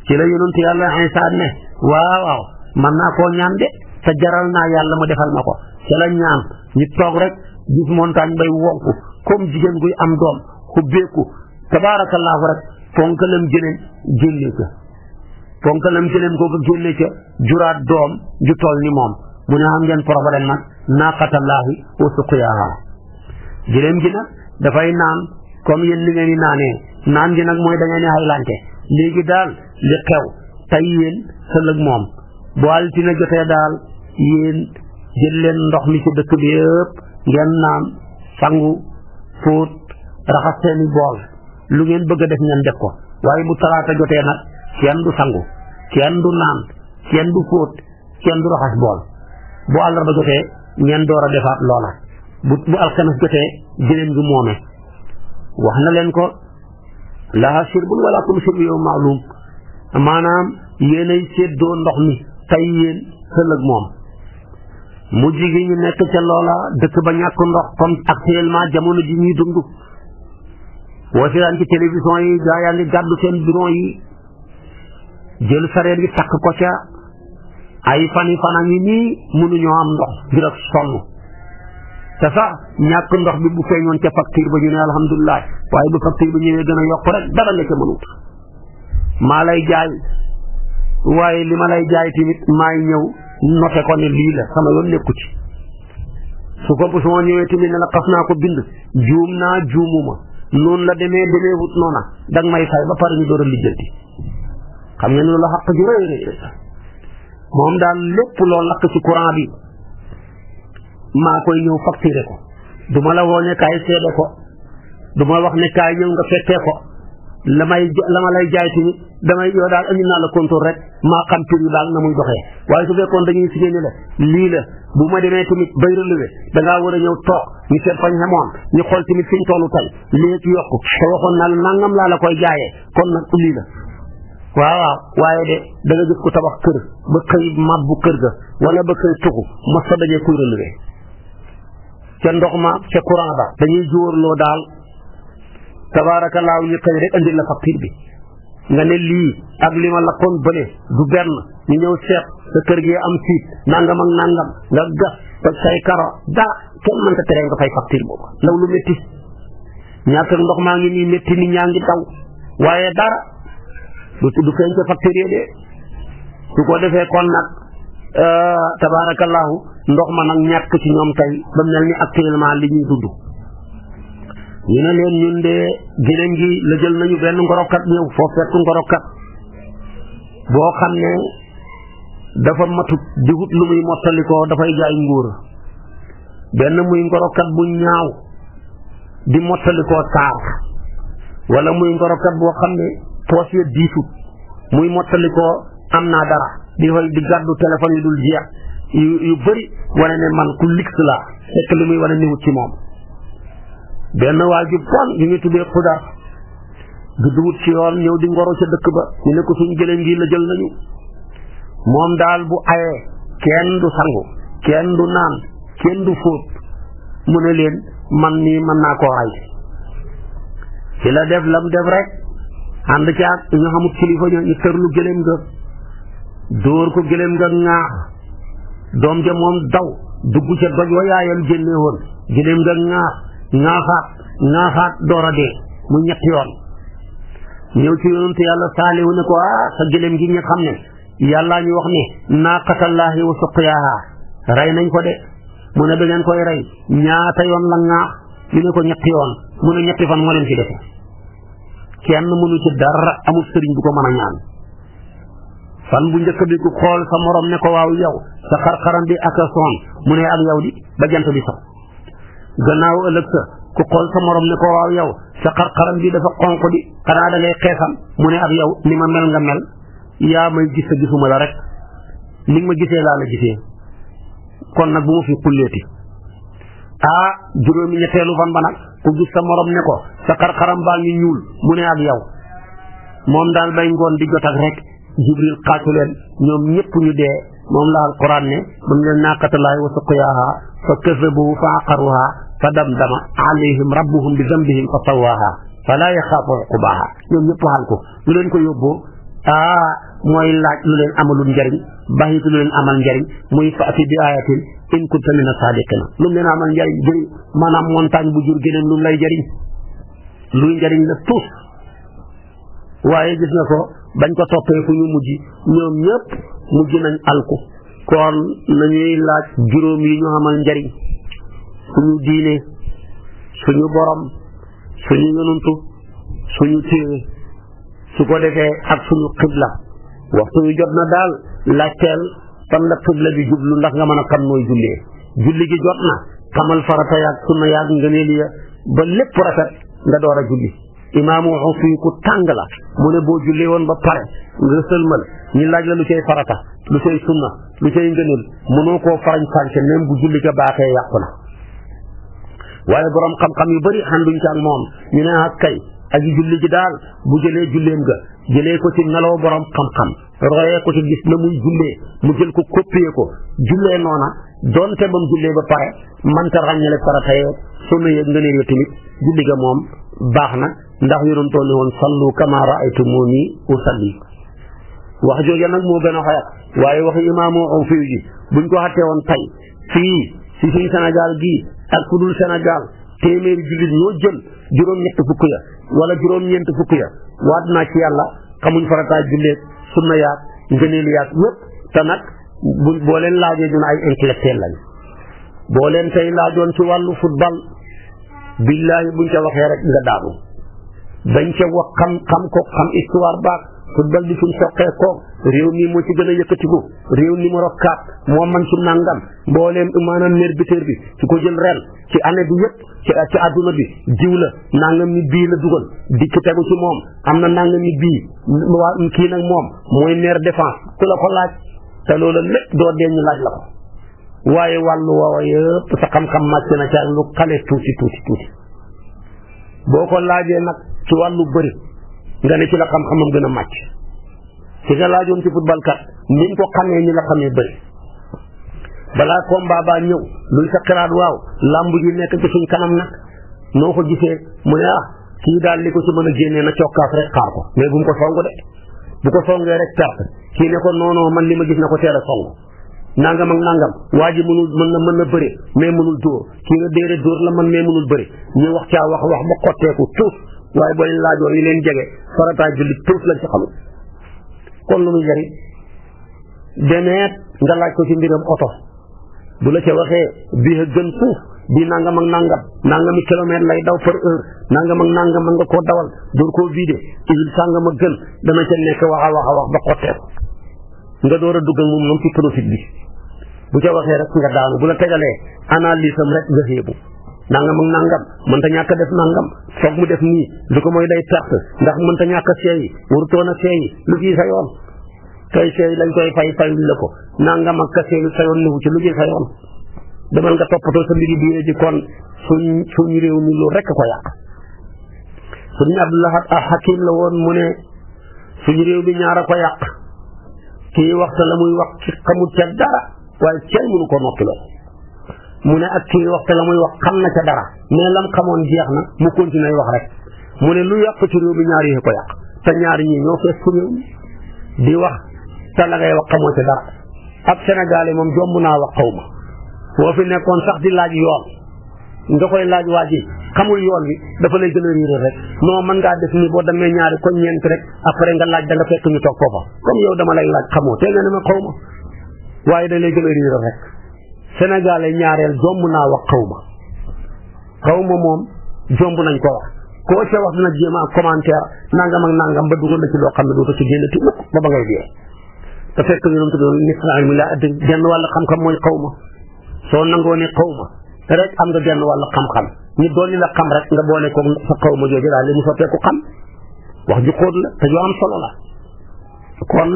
ci la yonentu yàlla insaan ne waaw waaw mën naa koo ñaan de te jaral naa yàlla mu defal ma ko ci la ñaan ñu toog rek gis montagne bay wonku comme jigéen guy am doom xubbeeku tabaarakallaahu rek ponkalam jëleen génne ca ponkalam ko kooku génne ca juraat doom ju toll ni moom mu ne xam ngeen problème nag naaqatallaahi wa suqyaaha jëleen gi nag dafay naan comme yéen li ngeen di naanee naan gi nag mooy da ngeen di haylante léegi daal li xew tey yéen sëlëg moom bu altina jotee daal yéen jël leen ndox mi ci dëkk bi yëpp ngeen naan sangu fóot raxas seeni bool lu ngeen bëgg a def ngeen def ko waaye bu talaata jotee nag kenn du sangu kenn du naan kenn du fóot kenn du raxas bool bu àllarba jotee ngeen door a defaat loola bu bu alxames jotee jëleen gi moome wax na leen ko laa sirbun wala kum sirbu yow maalum maanaam yéenay séddoo ndox mi tay yéen sëllëg moom mujj gi ñu nekk ca loola dëkk ba ñàkk ndox comme actuellement jamono ji ñuy dund boo seetaan ci télévision yi gaa yaa ngi gàddu seen bidon yi jël sareet yi takk ko ca ay fani fana ngi nii mënuñoo am ndox ngir ak sonn ndox bi bu feeñoon ca facture ba ñu ne alhamdulilah waaye bu facture ba ñëwee gën a yokk rek dara nga mënut maa lay jaay waaye li ma lay jaay tamit maay ñëw note ko ne lii sama yoon nekku ci su ko bu suma ñëwee tamit ne la xas naa ko bind juum naa juumuma noonu la demee demee wut noona da may fay ba pare ñu door a lijjanti xam nga ni loolu xaq ju rëy rëy rëy moom daal lépp loo lakk ci courant bi maa koy ñëw facturé ko du ma la woo ne kaay seede ko du wax ne kaay ñëw nga fekkee ko la lama lay jaay tamit damay yow daal indi naa la contour rek maa xam prix daal na muy doxee waaye su fekkoon dañuy signé ni la lii la bu ma demee tamit bay relevé da ngaa war a ñëw toog ñu seet fañ ñu xool tamit fiñ tollu tey léegi ci laa la koy jaayee kon nag lii la da nga ko tabax kër ba xëy mabbu kër ga wala ba xëy tuxu mos sa ca ndox ma ca courant ba dañuy jóorloo daal tabaarakallaahu yi xëy rek andil la facture bi nga ne lii ak li ma lakkoon bële du benn ñu ñëw seet sa kër gi am siit nangam ak nangam nga gas toj say karo daa kenn mën ta tere nga fay facture boobu ndaw lu métti ñàkk ndox maa ngi nii métti nit ñaa ngi daw waaye dara du tudd feeñ ca facture yi de su ko defee kon nag euh, tabaarakallaahu ndox ma nag ñàkk ci ñoom tey ba mel ni actuellement li ñuy dund ñu ne leen ñun de ginañ gi la nañu benn ngorokat ñëw foo fekk ngorokat boo xam ne dafa matut di wut lu muy mottalikoo dafay jaay nguur benn muy ngorokat bu ñaaw di mottalikoo taar wala muy ngorokat boo xam ne poos ya diisut muy mottalikoo am naa dara di fay di gàddu téléphone yu dul jeex yu yu bëri wane ne man ku lix laa fekk li muy wane niwut ci moom benn waa ji bon ñu ngi tuddee xudar du dugut ci yoon ñëw di ca dëkk ba ñu ne ko suñ gëléem gi la jël nañu moom daal bu ayee kenn du sangu kenn du naan kenn du fóot mu ne leen man nii mën naa koo ray la def lam def rek ànd ci ak ñu xamut kilifa ñu ñu tërlu gëléem ga dóor ko gëléem nga ŋaax doom ja moom daw dugg ca doj wa yaayam génne woon gëléem nga ŋaax naafaat naafaat door a dee mu ñetti yoon ñëw ci yonante yàlla saalihu ne ko ah sa gëléem gi nga xam ne yàllaa ñu wax ne naaqatallaahi wa suqyaaha rey nañ ko de mu a da ngeen koy rey ñaata yoon la ŋaax ñu ne ko ñetti yoon mu ne ñetti fan moo leen ci defe kenn mënu ci dara amul sëriñ bu ko mën a ñaan fan bu njëkk bi ku xool sa morom ne ko waaw yow sa xar-xaram bi ak a soon mu ne ak yow di ba jant bi sax gannaaw ëllëg sa ku xool sa morom ne ko waaw yow sa xar-xaram bi dafa xonq di xanaa da ngay mu ne ak yow ni ma mel nga mel yaa may gis sa gisuma la rek ni ma gisee laa la gisee kon nag bu ma fi xulleeti ah juróomi ñetteelu fan ba nag ku gis sa morom ne ko sa xar-xaram baa ngi ñuul mu ne ak yow moom daal bay ngoon di jot ak rek jibril xaacu ñoom ñëpp ñu dee moom la alquran ne mun leen naaqatalaay wa suqyaaha fa kasabu fa aqaruha فدمدم عليهم ربهم بذنبهم فطواها فلا يخاف عقباها يوم يطلع يقولون كو يبو آه موي لاج لولن امل نجارين باهيت لولن امل نجارين موي فاتي بايات ان كنت من الصادقين لولن لنا امل نجارين جري مانام مونتاج بو جور جينن لولن لاي جارين لوي نجارين لا توس وايي جيس نكو بان كو توبي فو ني مودي نيوم نيب مودي نان الكو كون نانيي لاج جروم يي ньо امل نجارين suñu diine suñu borom suñu yonantu suñu téere su ko defee ak suñu xibla waxtu yu jot na daal laajteel fan la xibla bi jublu ndax nga mën a xam nooy jullee julli gi jot na xamal farata yaag sunna yaag ngëneel ya ba lépp rafet nga door a julli imaamu xusni ku tàng la mu ne boo jullee woon ba pare nga sëlmal ñu laaj la lu cay farata lu cay sunna lu cay ngëneel mënoo ko farañ fànce même bu julli ga baaxee yàqu na waaye borom xam-xam yu bari ànduñ ci ak moom ñu ne ak kay aji julli ji daal bu jëlee julleem ga jëlee ko ci meloo borom xam-xam royee ko ci gis na muy jullee mu jël ko copier ko jullee noona doonte ba mu jullee ba pare mënta ràññale farata yeeg sunna yeeg ngëneel ya tamit julli ga moom baax na ndax yonent ne woon sallu kama raaytumuni usalli wax jooja nag moo gën a xayat waaye waxi imaamu Awfi ji buñ ko xattee woon tey fii si suñ Sénégal ak fu dul Sénégal téeméeri jullit ñoo jël juróom-ñett fukk ya wala juróom-ñeent fukk ya waat naa ci yàlla xamuñ farataay julleeg sunna yaat ngëneelu yaat yëpp te nag bu boo leen laajee dina ay intellectuel lañ boo leen tey laajoon ci wàllu football billaahi buñ ca waxee rek nga daanu dañ ca wax ko xam histoire baax football bi fi mu soqee ko réew mi moo ci gën a yëkkatiku réew numéro 4 moo man ci nangam mbooleem maanaam meilleur buteur bi ci ko jël ren ci année bi yëpp ci ci bi diw la nangam ni bii la dugal dikk tegu ci moom am na nangam ni bii waa kii nag moom mooy meilleur défense ku la ko laaj te loolu lépp doo dee ñu laaj la ko waaye wàllu woowa yëpp sa xam-xam màcc na ca lu xale tuuti tuuti boo ko laajee nag ci wàllu bëri nga ne ci la xam-xamam gën a màcc ci nga laajoon ci football kat ni ko xamee ñi la xamee bëri balaa komba baa ñëw luñ sa xiraat waaw làmb ji nekk ci suñ kanam nag noo ko gisee mu ne ah kii daal li ko ci mën a génnee na cokkaas rek xaar ko mais bu mu ko song de bu ko songee rek perte kii ne ko noonoo man li ma gis na ko teel a song nangam ak nangam waa ji mënul mën na mën na bëri mais mënul dóor kii na déere dóor la man mais mënul bëri ñu wax caa wax wax ba waaye boo laajoo laajoon yi leen jege farataay julli tuut lañ ci xamul kon lu muy jariñ demeet nga laaj ko ci mbiram oto bu la ca waxee bii a gën bii nangam ak nangam nangami kilomètre lay daw par heure nangam nangam mën nga koo dawal door koo vidé usine sàngam a gën dana ca nekk wax a wax a ba xotteeku nga door a dugg ak moom moom ci profit bi bu ca waxee rek nga daanu bu la tegalee analyse am rek nga xéebu nangam ak nangam mënta ñàkk a def nangam foog mu def nii lu ko mooy day perte ndax mënta ñàkk a seey warutoon a seey lu ciy sa yoon tey seey lañ koy fay fayuñ la ko nangam ak ka seey sa yoon nuwu ci lu ciy sa yoon demal nga toppatoo sa mbiri diine ji kon suñ suñu réew mi loolu rekk ko yàq suñu Abdullah Hakim la woon mu ne suñu réew bi ñaar a ko yàq kii waxta la muy wax ci xamut ca dara waaye kenn mënu ko noppiloo mu ne ak kii waxte la muy wax xam na ca dara mais lam xamoon jeex na mu continuer wax rek mu ne lu yàq ci réew mi ñaar yi ko yàq te ñaar yi ñoo fees ci réew mi di wax te wax xamoo dara ab sénégalais moom jomb naa wax xaw ma boo fi nekkoon sax di laaj yoon nga koy laaj waa ji xamul yoon wi dafa lay gën a riiral rek non mën ngaa def ni boo demee ñaari ko ñeent rek après nga laaj da nga fekk ñu toog foofa comme yow dama lay laaj xamoo te nga ne ma xaw ma waaye da lay gën a riiral rek sénégalais ñaareel jomb naa wax xaw ma xaw ma moom jomb nañ ko wax koo ca wax dina jéem a commentaire nangam ak nangam ba dugal la ci loo xam ne doo ci génn ti mukk ba ba ngay dee te fekk yonent bi doon nisnal mi laa addi genn wàll xam-xam mooy xaw soo nangoo ne xaw ma rek am nga genn wàll xam-xam dool dolli la xam rek nga boole ko sa xaw ma jooju daal li mu soppeeku xam wax ju xóot la te joo am solo la kon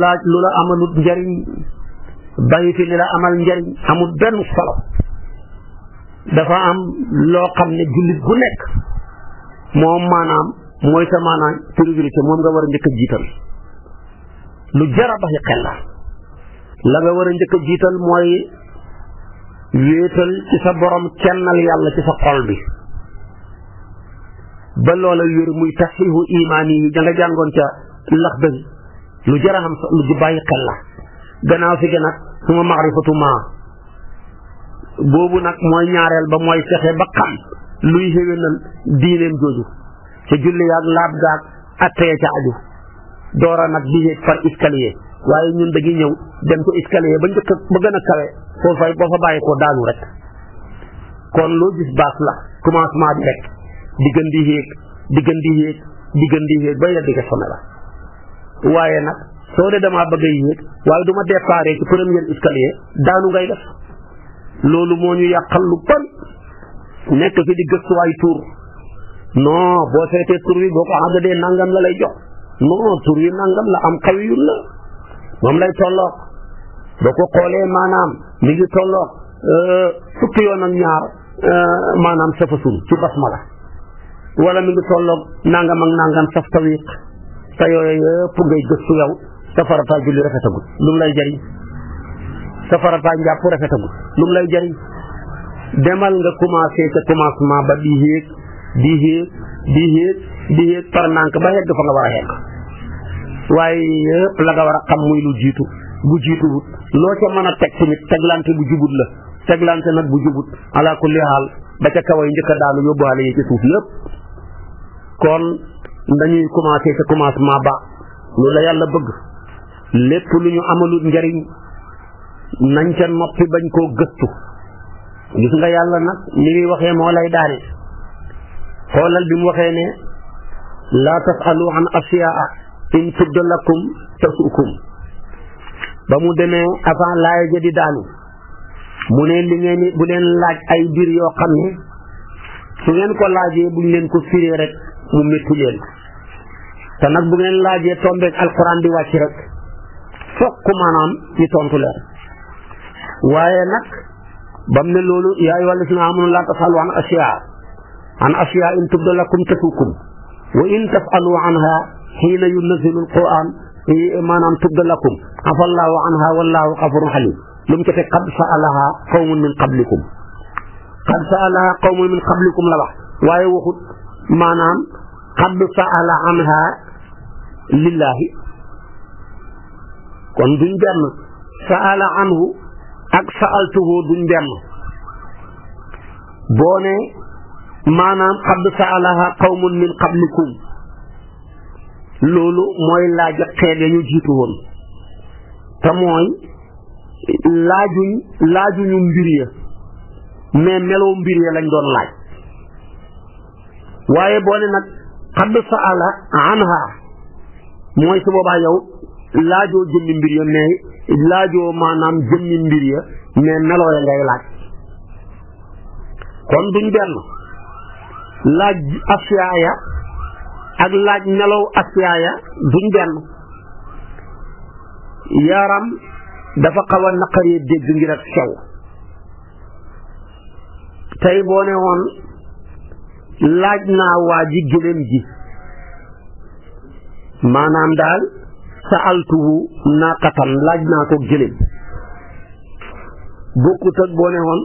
laaj lu la amalut njariñ bàyyi fi li amal njariñ amul benn solo dafa am loo xam ne jullit bu nekk moom maanaam mooy sa maanaam priorité moom nga war a njëkk a jiital lu jar a baxi la la nga war a njëkk a jiital mooy wéetal ci sa borom kennal yàlla ci sa xol bi ba loola wér muy taxihu imaan yi da jàngoon ca lax dëng lu jar a xam lu bàyyi xel la gannaaw si nag su ma maarifatu maa boobu nag mooy ñaareel ba mooy fexe ba xam luy xéwénal diineem jooju ca julli yaag laab gaag attee ca aju doora nag di yéeg par escalier waaye ñun dañuy ñëw dem ko escalier ba njëkk ba gën a kawe foo fay boo fa bàyyi ko daanu rek kon loo gis baas la commencement bi rek di gën di yéeg di gën di yéeg di gën di di ko sone la waaye nag soo ne damaa bëgg a yéeg waaye du ma départ ci premier escalier daanu ngay def loolu moo ñu yàqal lu bari nekk fi di gëstuwaay tur non boo seetee tur wi boo ko àndadee nangam la lay jox non tur wi nangam la am xaw yu la moom lay tolloog boo ko xoolee maanaam mi ngi tolloog euh, fukki yoon ak ñaar euh, maanaam safasul ci basmala wala mi ngi tolloog nangam ak nangam saf tawiq te yooyu yëpp ngay gëstu yow sa farataay julli rafetagul lu mu lay jariñ sa farataay njàpp rafetagul lu mu lay jariñ demal nga commencé ca commencement ba di yéeg di yéeg di yéeg di yéeg par nànk ba yegg fa nga war a yegg waaye yëpp la nga war a xam muy lu jiitu bu jiitu jiituwut loo ca mën a teg tamit teglante bu jubut la teglante nag bu jubut ala kulli xaal ba ca kaw ay njëkk a daanu yóbbuwaale yi ci suuf yëpp kon dañuy commencé ca commencement ba lu la yàlla bëgg lépp lu ñu amalul njariñ nañ ca noppi bañ koo gëstu gis nga yàlla nag ni muy waxee moo lay daane xoolal bi mu waxee ne laa tasalu an asiyaa in tudda lakum tasukum ba mu demee avant laaya ja di daanu mu ne li ngeen bu leen laaj ay mbir yoo xam ne su ngeen ko laajee buñ leen ko firee rek mu métti leen te nag bu ngeen laajee tombeek alquran di wàcc rek فوق ما يا اي والله لا تفعلوا عن اشياء ان تبد لكم تفوكم وان تفعلوا عنها حين ينزل القران هي ما نان تبد لكم عفى الله عنها والله غفور حليم لم تك قد سالها قوم من قبلكم قد سالها قوم من قبلكم لا وايي وخوت ما نان قد سال عنها لله kon duñ benn saala anhu ak saaltuhu duñ benn boo ne maanaam xad saalaha qawmun min qablikum loolu mooy laaj xeet ya ñu jiitu woon te mooy laajuñ laajuñu mbir ya mais meloo mbir lañ doon laaj waaye boo nag xad saala anha mooy su boobaa yow laajoo jëmmi mbir ya mais laajoo maanaam jëmmi mbir ya mais meloo ngay laaj kon duñ benn laaj asiyaaya ak laaj melow asiyaaya duñ benn yaram dafa xaw a naqaree dégg ngir ak sew woon laaj naa waa ji gëléem ji maanaam daal sa'altuhu naaqatan laaj naa ko gëléem bokkut ak boo ne woon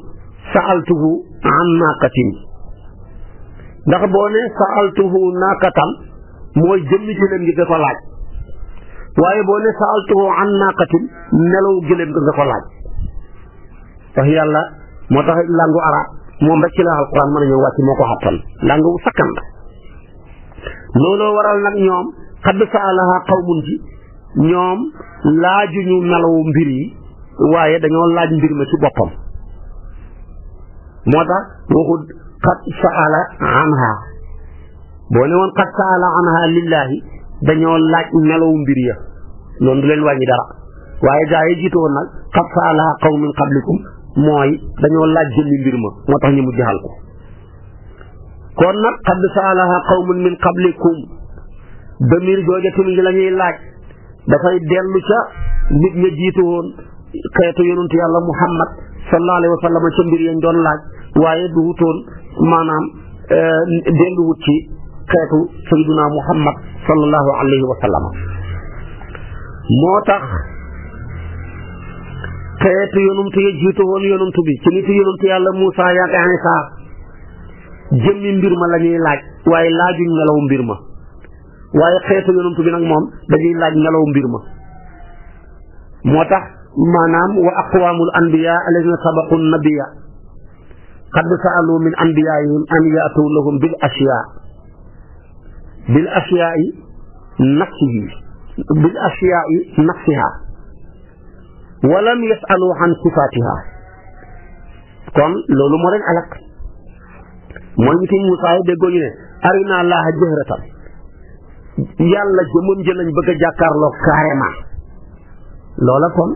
sa'altuhu an ndax boo ne sa'altuhu naaqatan mooy jëmmi gëléem gi nga ko laaj waaye boo ne sa'altuhu an nelaw gëléem nga ko laaj wax yàlla moo tax langu arab moom rek ci la alquran mën ñëw wàcc moo ko xattan langu sakkan la looloo waral nag ñoom xadd saalaha qawmun ji ñoom laajuñu nelawu mbir yi waaye dañoo laaj mbir ma ci boppam moo tax waxut xat saala anha boo ne woon xat saala anha lillaahi dañoo laaj nelawu mbir ya loolu du leen wàññi dara waaye gaa yi woon nag xat saalaha qawmin qablikum mooy dañoo laaj jëmmi mbir ma moo tax ñu mu jaxal ko kon nag xad saalaha qawmin min qablikum damir jooja tamit la laaj dafay dellu ca nit ña jiitu woon xeetu yonent yàlla muhammad sallallahu alayhi wa sallam ca mbir yañ doon laaj waaye du wutoon maanaam eh, delluwut ci xeetu sayyiduna muhammad sallallahu alayhi wa sallam moo tax xeetu yonumtu ya jiitu woon yonumtu bi ci nitu yonumtu yàlla Moussa yaag Isa jëmmi mbir ma la ñuy laaj waaye laajuñ melaw mbir ma waaye xeetu yonantu bi nag moom dañuy laaj melaw mbir ma moo tax maanaam wa aqwaamul anbiya alladina sabaqu nabiya qad saalu min anbiyaihim an yaatu lahum bil asiya bil asiya yi nafsihi bil asiya yi nafsiha walam yasalu an sifatiha kon loolu moo leen alak mooy nit ñi Musaa déggoo ñu ne arina laaha jahratan yàlla jëmam ji lañ bëgg a jàkkaarloo carrément loola kon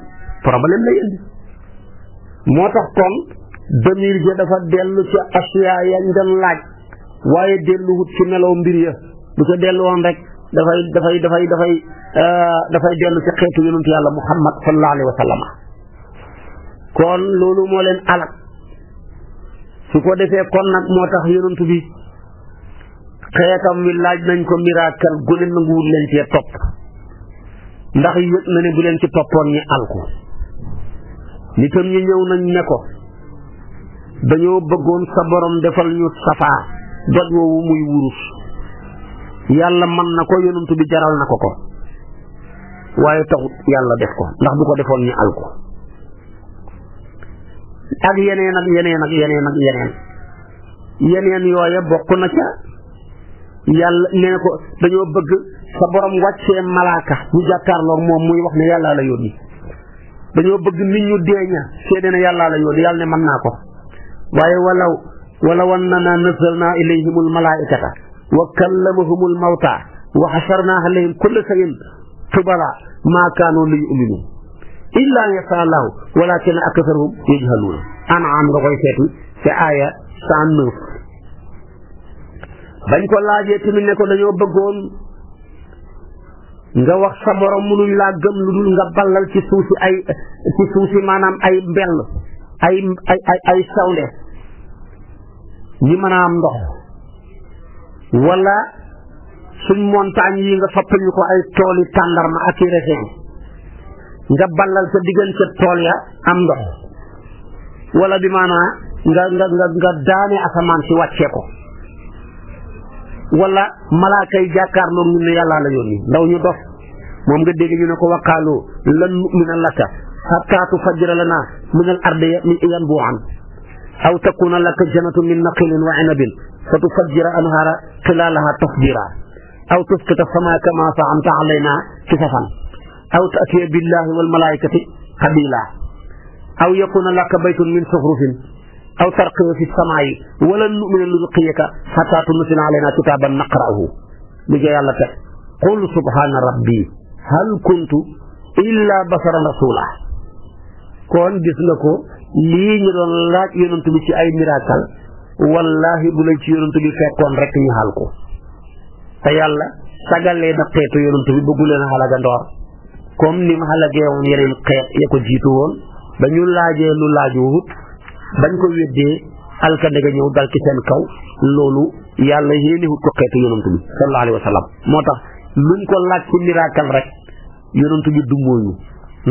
problème lay indi moo tax kon demir ja dafa dellu ci asiya yañ doon laaj waaye delluwut ci meloo mbir ya bu ca dellu woon rek dafay dafay dafay dafay euh, dafay dellu ci xeetu yonentu yàlla muhammad sallallahu alayhi su ko defee kon nag moo tax yonentu bi xeetam wi laaj nañ ko miraakal gune nanguwul leen cee topp ndax yëg na ne bu leen ci toppoon ñi alku nitam ñi ñëw nañ ne ko dañoo bëggoon sa borom defal ñu safaa doj woowu muy wurus yàlla mën na ko yonent bi jaral na ko ko waaye taxut yàlla def ko ndax bu ko defoon ñu alku ak ak yeneen ak yeneen ak yeneen yeneen yooya bokk na ca yàlla nee ko dañoo bëgg sa borom wàccee malaaka ñu jàkkaarloog moom muy wax ne yàllaa la yónni dañoo bëgg nit ñu deeña seede yàllaa la yónni yàlla ne mën naa ko waaye walaw walaw annana nazzalna ilayhim almalaikata wa kallamahum almawta wa xasharna alayhim kulla shay'in qubala ma kaanu li yuminu illa yasa allahu walakin aktharuhum yajhaluun anam nga koy seeti ca aaya 109 bañ ko laajee tamit ne ko dañoo bëggoon nga wax sa morom munuñ laa gëm lu dul nga ballal ci suuf si ay ci suuf si maanaam ay mbell ay ay ay ay sawnde yi mën a am ndox wala suñ montagne yi nga soppal ko ay tool yi tàndarma ak i resin nga ballal sa diggante tool ya am ndox wala bi maanaa nga nga nga nga daane asamaan si wàccee ko wala malaakay jàkkaarloo ñun ne yàllaa la yónni ndaw ñu dof moom nga dégg ñu ne ko waqaalu lan nu'mina laka hattaa tufajjira lanaa minal ardi yanbuu'an aw takuuna laka jannatun min nakhilin wa 'inabin fatufajjira anhaara khilaalahaa tafjiiraa aw tusqita as-samaa'a kamaa za'amta 'alaynaa kisafan aw ta'tiya billaahi wal malaa'ikati qabiilaa aw yakuuna laka baytun min zuxrufin aw tarqiya fi samaa'i wala nu'mina li ruqiyaka hatta tunzila alaynaa kitaaban naqra'uhu bu ca yàlla teg qul subhaana rabbi hal kuntu illaa basaran rasula kon gis nga ko li ñu doon laaj yonent ci ay miracle wallahi bu lañ ci yonent bi fekkoon rek ñu xal ko te yàlla na xeetu yonent bi bëggu leen xalaga ndoor comme ni mu xalagee woon yeneen xeet ya ko laajee lu laaju wut bañ ko weddee alkande ga ñëw dal ci seen kaw loolu yàlla yéenewut ko xeetu yonantu bi sallallahu moo tax luñ ko laaj ci miracle rek yonantu bi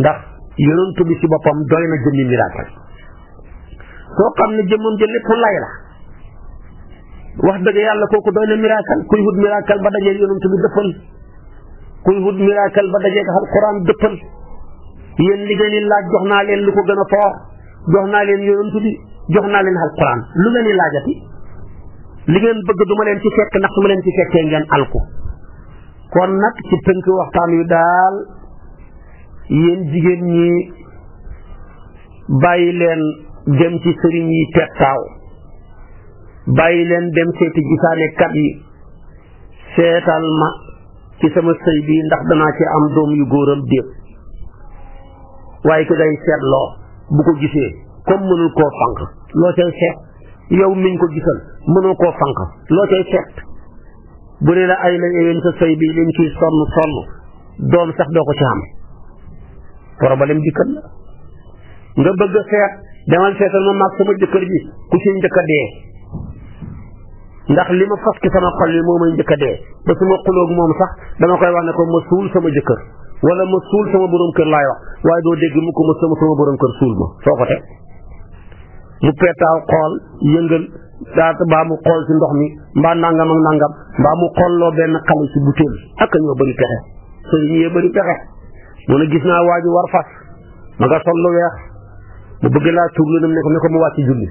ndax yonantu ci boppam doy na jëmmi miracle soo xam dëgg yàlla kooku doy na miracle kuy wut miracle ba dajee yonantu dëppal kuy wut miracle ba dajee alquran dëppal yéen li ngeen laaj jox naa leen lu ko gën a foox jox naa leen yonent bi jox naa leen alquran lu ngeen di laajati li ngeen bëgg duma leen ci fekk ndax su ma leen ci fekkee ngeen alku kon nag ci tënk waxtaan yu daal yéen jigéen ñi bàyyi leen dem ci sëriñ yi tettaaw bàyyi leen dem seeti gisaane kat yi seetal ma ci sama sëy bi ndax danaa ci am doom yu góoram déet waaye ki seet seetloo bu ko gisee comme mënul koo fànq loo cay seet yow miñ ko gisal mënul koo fànq loo cay seet bu ne la ay la yéen sa sëy bi liñ ciy sonn sonn doom sax doo ko ci am problème dikkal la nga bëgg a seet demal seetal ma maag sama jëkkër ji ku ci njëkk a dee ndax li ma fas ci sama xol yi moo may njëkk dee ba su ma moom sax dama koy wax ne ko ma suul sama jëkkër wala ma suul sama borom kër laay wax waaye doo dégg mu ko ma sama sama borom kër suul ma foo ko teg mu peetaaw xool yëngal daa baa mu xool ci ndox mi mbaa nangam ak nangam mbaa mu xolloo benn xale ci butéel ak ñoo bëri pexe sëriñ yee bëri naa waa ji war fas ma nga sol lu weex mu bëgg laa tuurlu ne ko ne ko mu wàcc julli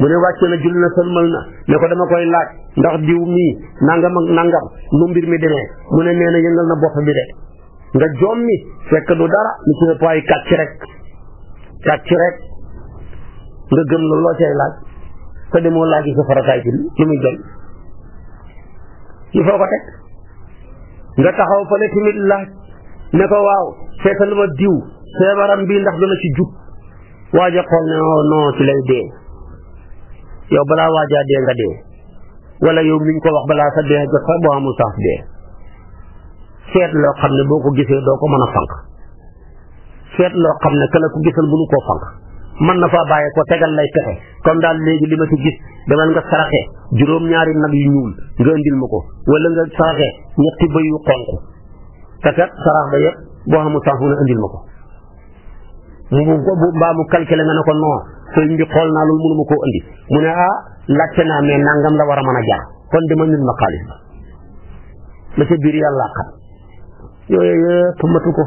mu ne dama koy laaj ndax diw mii nangam ak nangam nu mbir mi demee mu ne nee na yëngal na bopp bi de nga jommi fekk du dara lu ci ëpp ay rek kàcc rek nga gëm la loo cay laaj te demoo laaj yi sa farataay ci lu muy jom li foo ko teg nga taxaw fële timit laaj ne ko waaw seetal ma diw feebaram bi ndax dana ci jub waaja xool ne non oh non ci lay dee yow balaa waajaa dee nga dee wala yow liñ ko wax balaa sa dee jot sax boo amul saaf dee seet loo xam ne boo ko gisee doo ko mën a fanq seet loo xam ne kala ku gisal mënu koo fanq man na faa bàyyee ko tegal lay pexe kon daal léegi li ma ci gis demal nga saraxe juróom-ñaari nag yu ñuul nga indil ma ko wala nga saraxe ñetti bëy yu xonq te sarax ba yëpp boo xamul sànq indil ma ko mu ko bu mbaa mu calculé nga ne ko non sëriñ bi xool naa loolu mënu ma koo indi mu ne ah laajte naa mais nangam la war a mën a jaar kon dama nit ma xaalis ba la ca biir yàlla yooyu yëpp matu ko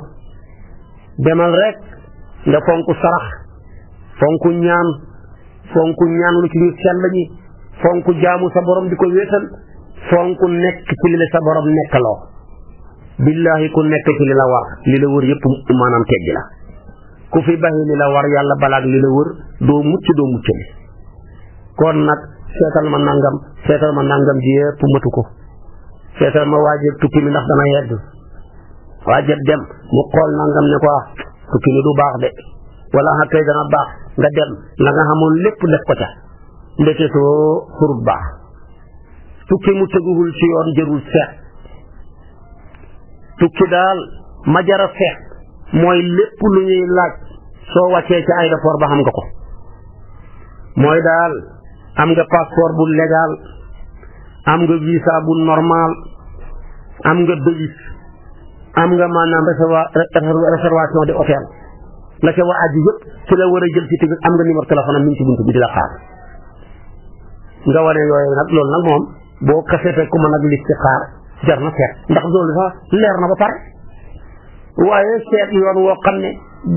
demal rek nga fonk sarax fonk ñaan fonk ñaan lu ci ñu sell ñi fonk jaamu sa borom di ko wéetal fonk nekk ci li la sa borom nekkaloo billahi ku nekk ci war li la wër yëpp maanaam teggi la ku fi baxi li la war yàlla balaag li la wër doo mucc doo muccali kon nag seetal ma nangam seetal ma nangam ji yëpp matu ko seetal ma waajib tukki mi ndax dana yedd waajal dem mu xool nangam ne ko tukki ni du baax de wala nga kay dana baax nga dem la nga xamoon lépp def ko ca ndeketoo xurub baax tukki mu teguwul ci yoon jërul seet tukki daal ma jara seet mooy lépp lu ñuy laaj soo wàccee ci aéroport ba xam nga ko mooy daal am nga passeport bu légal am nga visa bu normal am nga dolis am nga maanaam réservation de hôtel la ca waa aju yëpp ci la war a jël si tamit am nga numéro téléphone am mi ngi ci buntu bi di la xaar nga wane yooyu nag loolu nag moom boo kaseete ku mën nag li ci xaar jar na seet ndax loolu sax leer na ba pare waaye seet yoon woo xam ne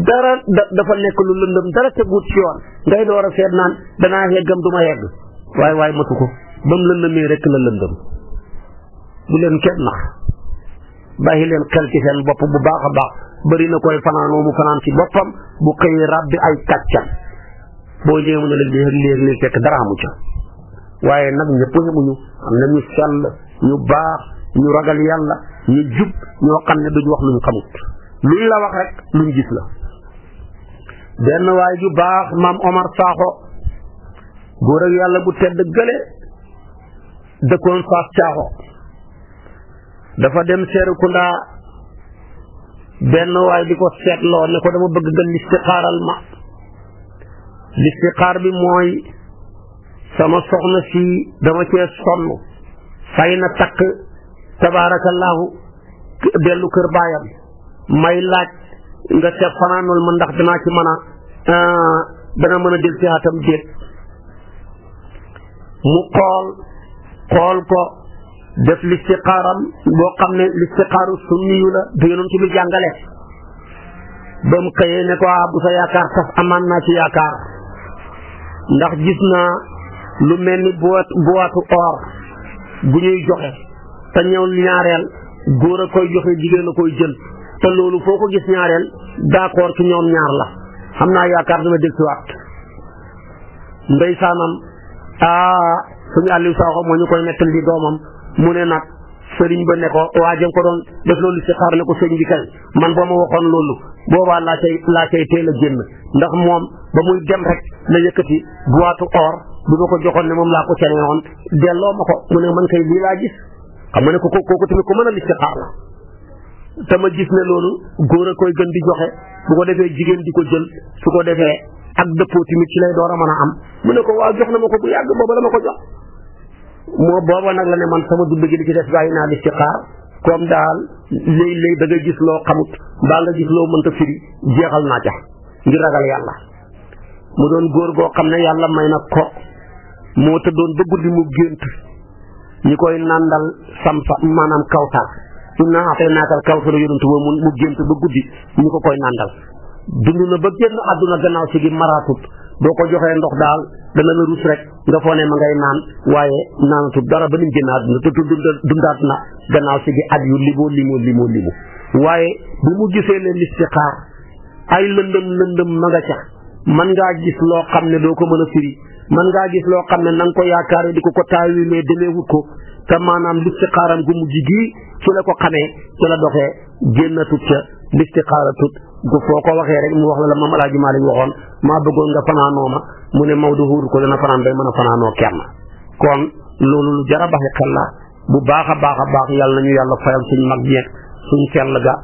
dara dafa nekk lu lëndëm dara teguut ci yoon ngay door a seet naan danaa yeggam du ma yegg waaye waaye matu ko ba mu lëndëmee rek la lëndëm bu leen kenn nax bàyyi leen xel ci seen bopp bu baax a baax bëri na koy fanaanoo mu fanaan ci boppam bu xëyee ràbbi ay kàccam boo jéemu ne léegi léegi léegi fekk dara amu ca waaye nag ñëpp yemuñu am na ñu sell ñu baax ñu ragal yàlla ñu jub ñoo xam ne duñ wax luñ xamut luñ la wax rek luñ gis la benn waay ju baax maam Omar Sakho góor ak yàlla bu tedd gële dëkkoon Fass Caaxo dafa dem Serekunda benn waay di ko seetloo ne ko dama bëgg nga listixaaral ma listixaar bi mooy sama soxna si dama cee sonn fay na takk tabaarakallaahu dellu kër baayam may laaj nga seet fanaanul ma ndax dinaa ci mën a ah, dana mën a del ci atam déet mu xool xool ko def listixaaram boo xam ne listixaaru sunniyu la bi yonent bi jàngale ba mu xëyee ne ko ah, bu sa yaakaar tas amaan naa ci yaakaar ndax gis naa lu mel ni boîte or bu ñuy joxe te ñëw ñaareel góor a koy joxe jigéen a koy jël te loolu foo ko gis ñaareel d'accord ci ñoom ñaar la xam naa yaakaar dama dégg si waat ndeysaanam ah suñu àlliw saaxo moo ñu koy nettali di doomam mu ne nag sëriñ ba ne ko waa jëm ko doon def loolu si xaar ne ko sëriñ bi kay man boo ma waxoon loolu boobaa laa cay laa cay teel a génn ndax moom ba muy dem rek la yëkkati boîte or bi ma ko joxoon ne moom laa ko cene woon delloo ma ko mu ne man kay lii laa gis xam ma ne ko ko tamit ko mën a listixaar la te ma gis ne loolu góor a koy gën di joxe bu ko defee jigéen di ko jël su ko defee ak dëppoo tamit ci lay door a man a am mu ne ko waaw jox na ma ko la ko jox moo booba nag la ne man sama dund gi di ci def bàyyi naa listixaar comme daal léeg-léeg da nga gis loo xamut mbaa nga gis loo mënta firi jeexal naa ca ragal yàlla mu doon góor goo xam ne yàlla may na ko moo te doon ba guddi mu gént ñi koy nàndal samsa maanaam kawsar inna a'taynaakal kawsar yonent ba mu gént ba guddi ñu ko koy nàndal dund na ba génn àdduna gannaaw si gi maraatut boo ko joxee ndox daal dana na rus rek nga foone ma ngay naan waaye naanatut dara ba nim génn àdduna te dundaat na gannaaw si gi at yu limoo limoo limoo limu waaye bu mu gisee ne listixaar ay lëndëm lëndëm ma nga ca man ngaa gis loo xam ne doo ko mën a firi man ngaa gis loo xam ne na nga ko yaakaare di ko ko taawi mais demeewut ko te maanaam listixaaram gu mujj gii ci la ko xamee ci la doxee génnatut ca listixaaratut du foo ko waxee rek mu wax la la moom El Hadj Malick waxoon maa bëggoon nga fanaanoo ma mu ne Maodo xuur ko dana fanaan bay mën a fanaanoo kenn kon loolu lu jar a baxi la bu baax a baax a baax yàlla nañu yàlla fayal suñ mag ñeeg suñ sell ga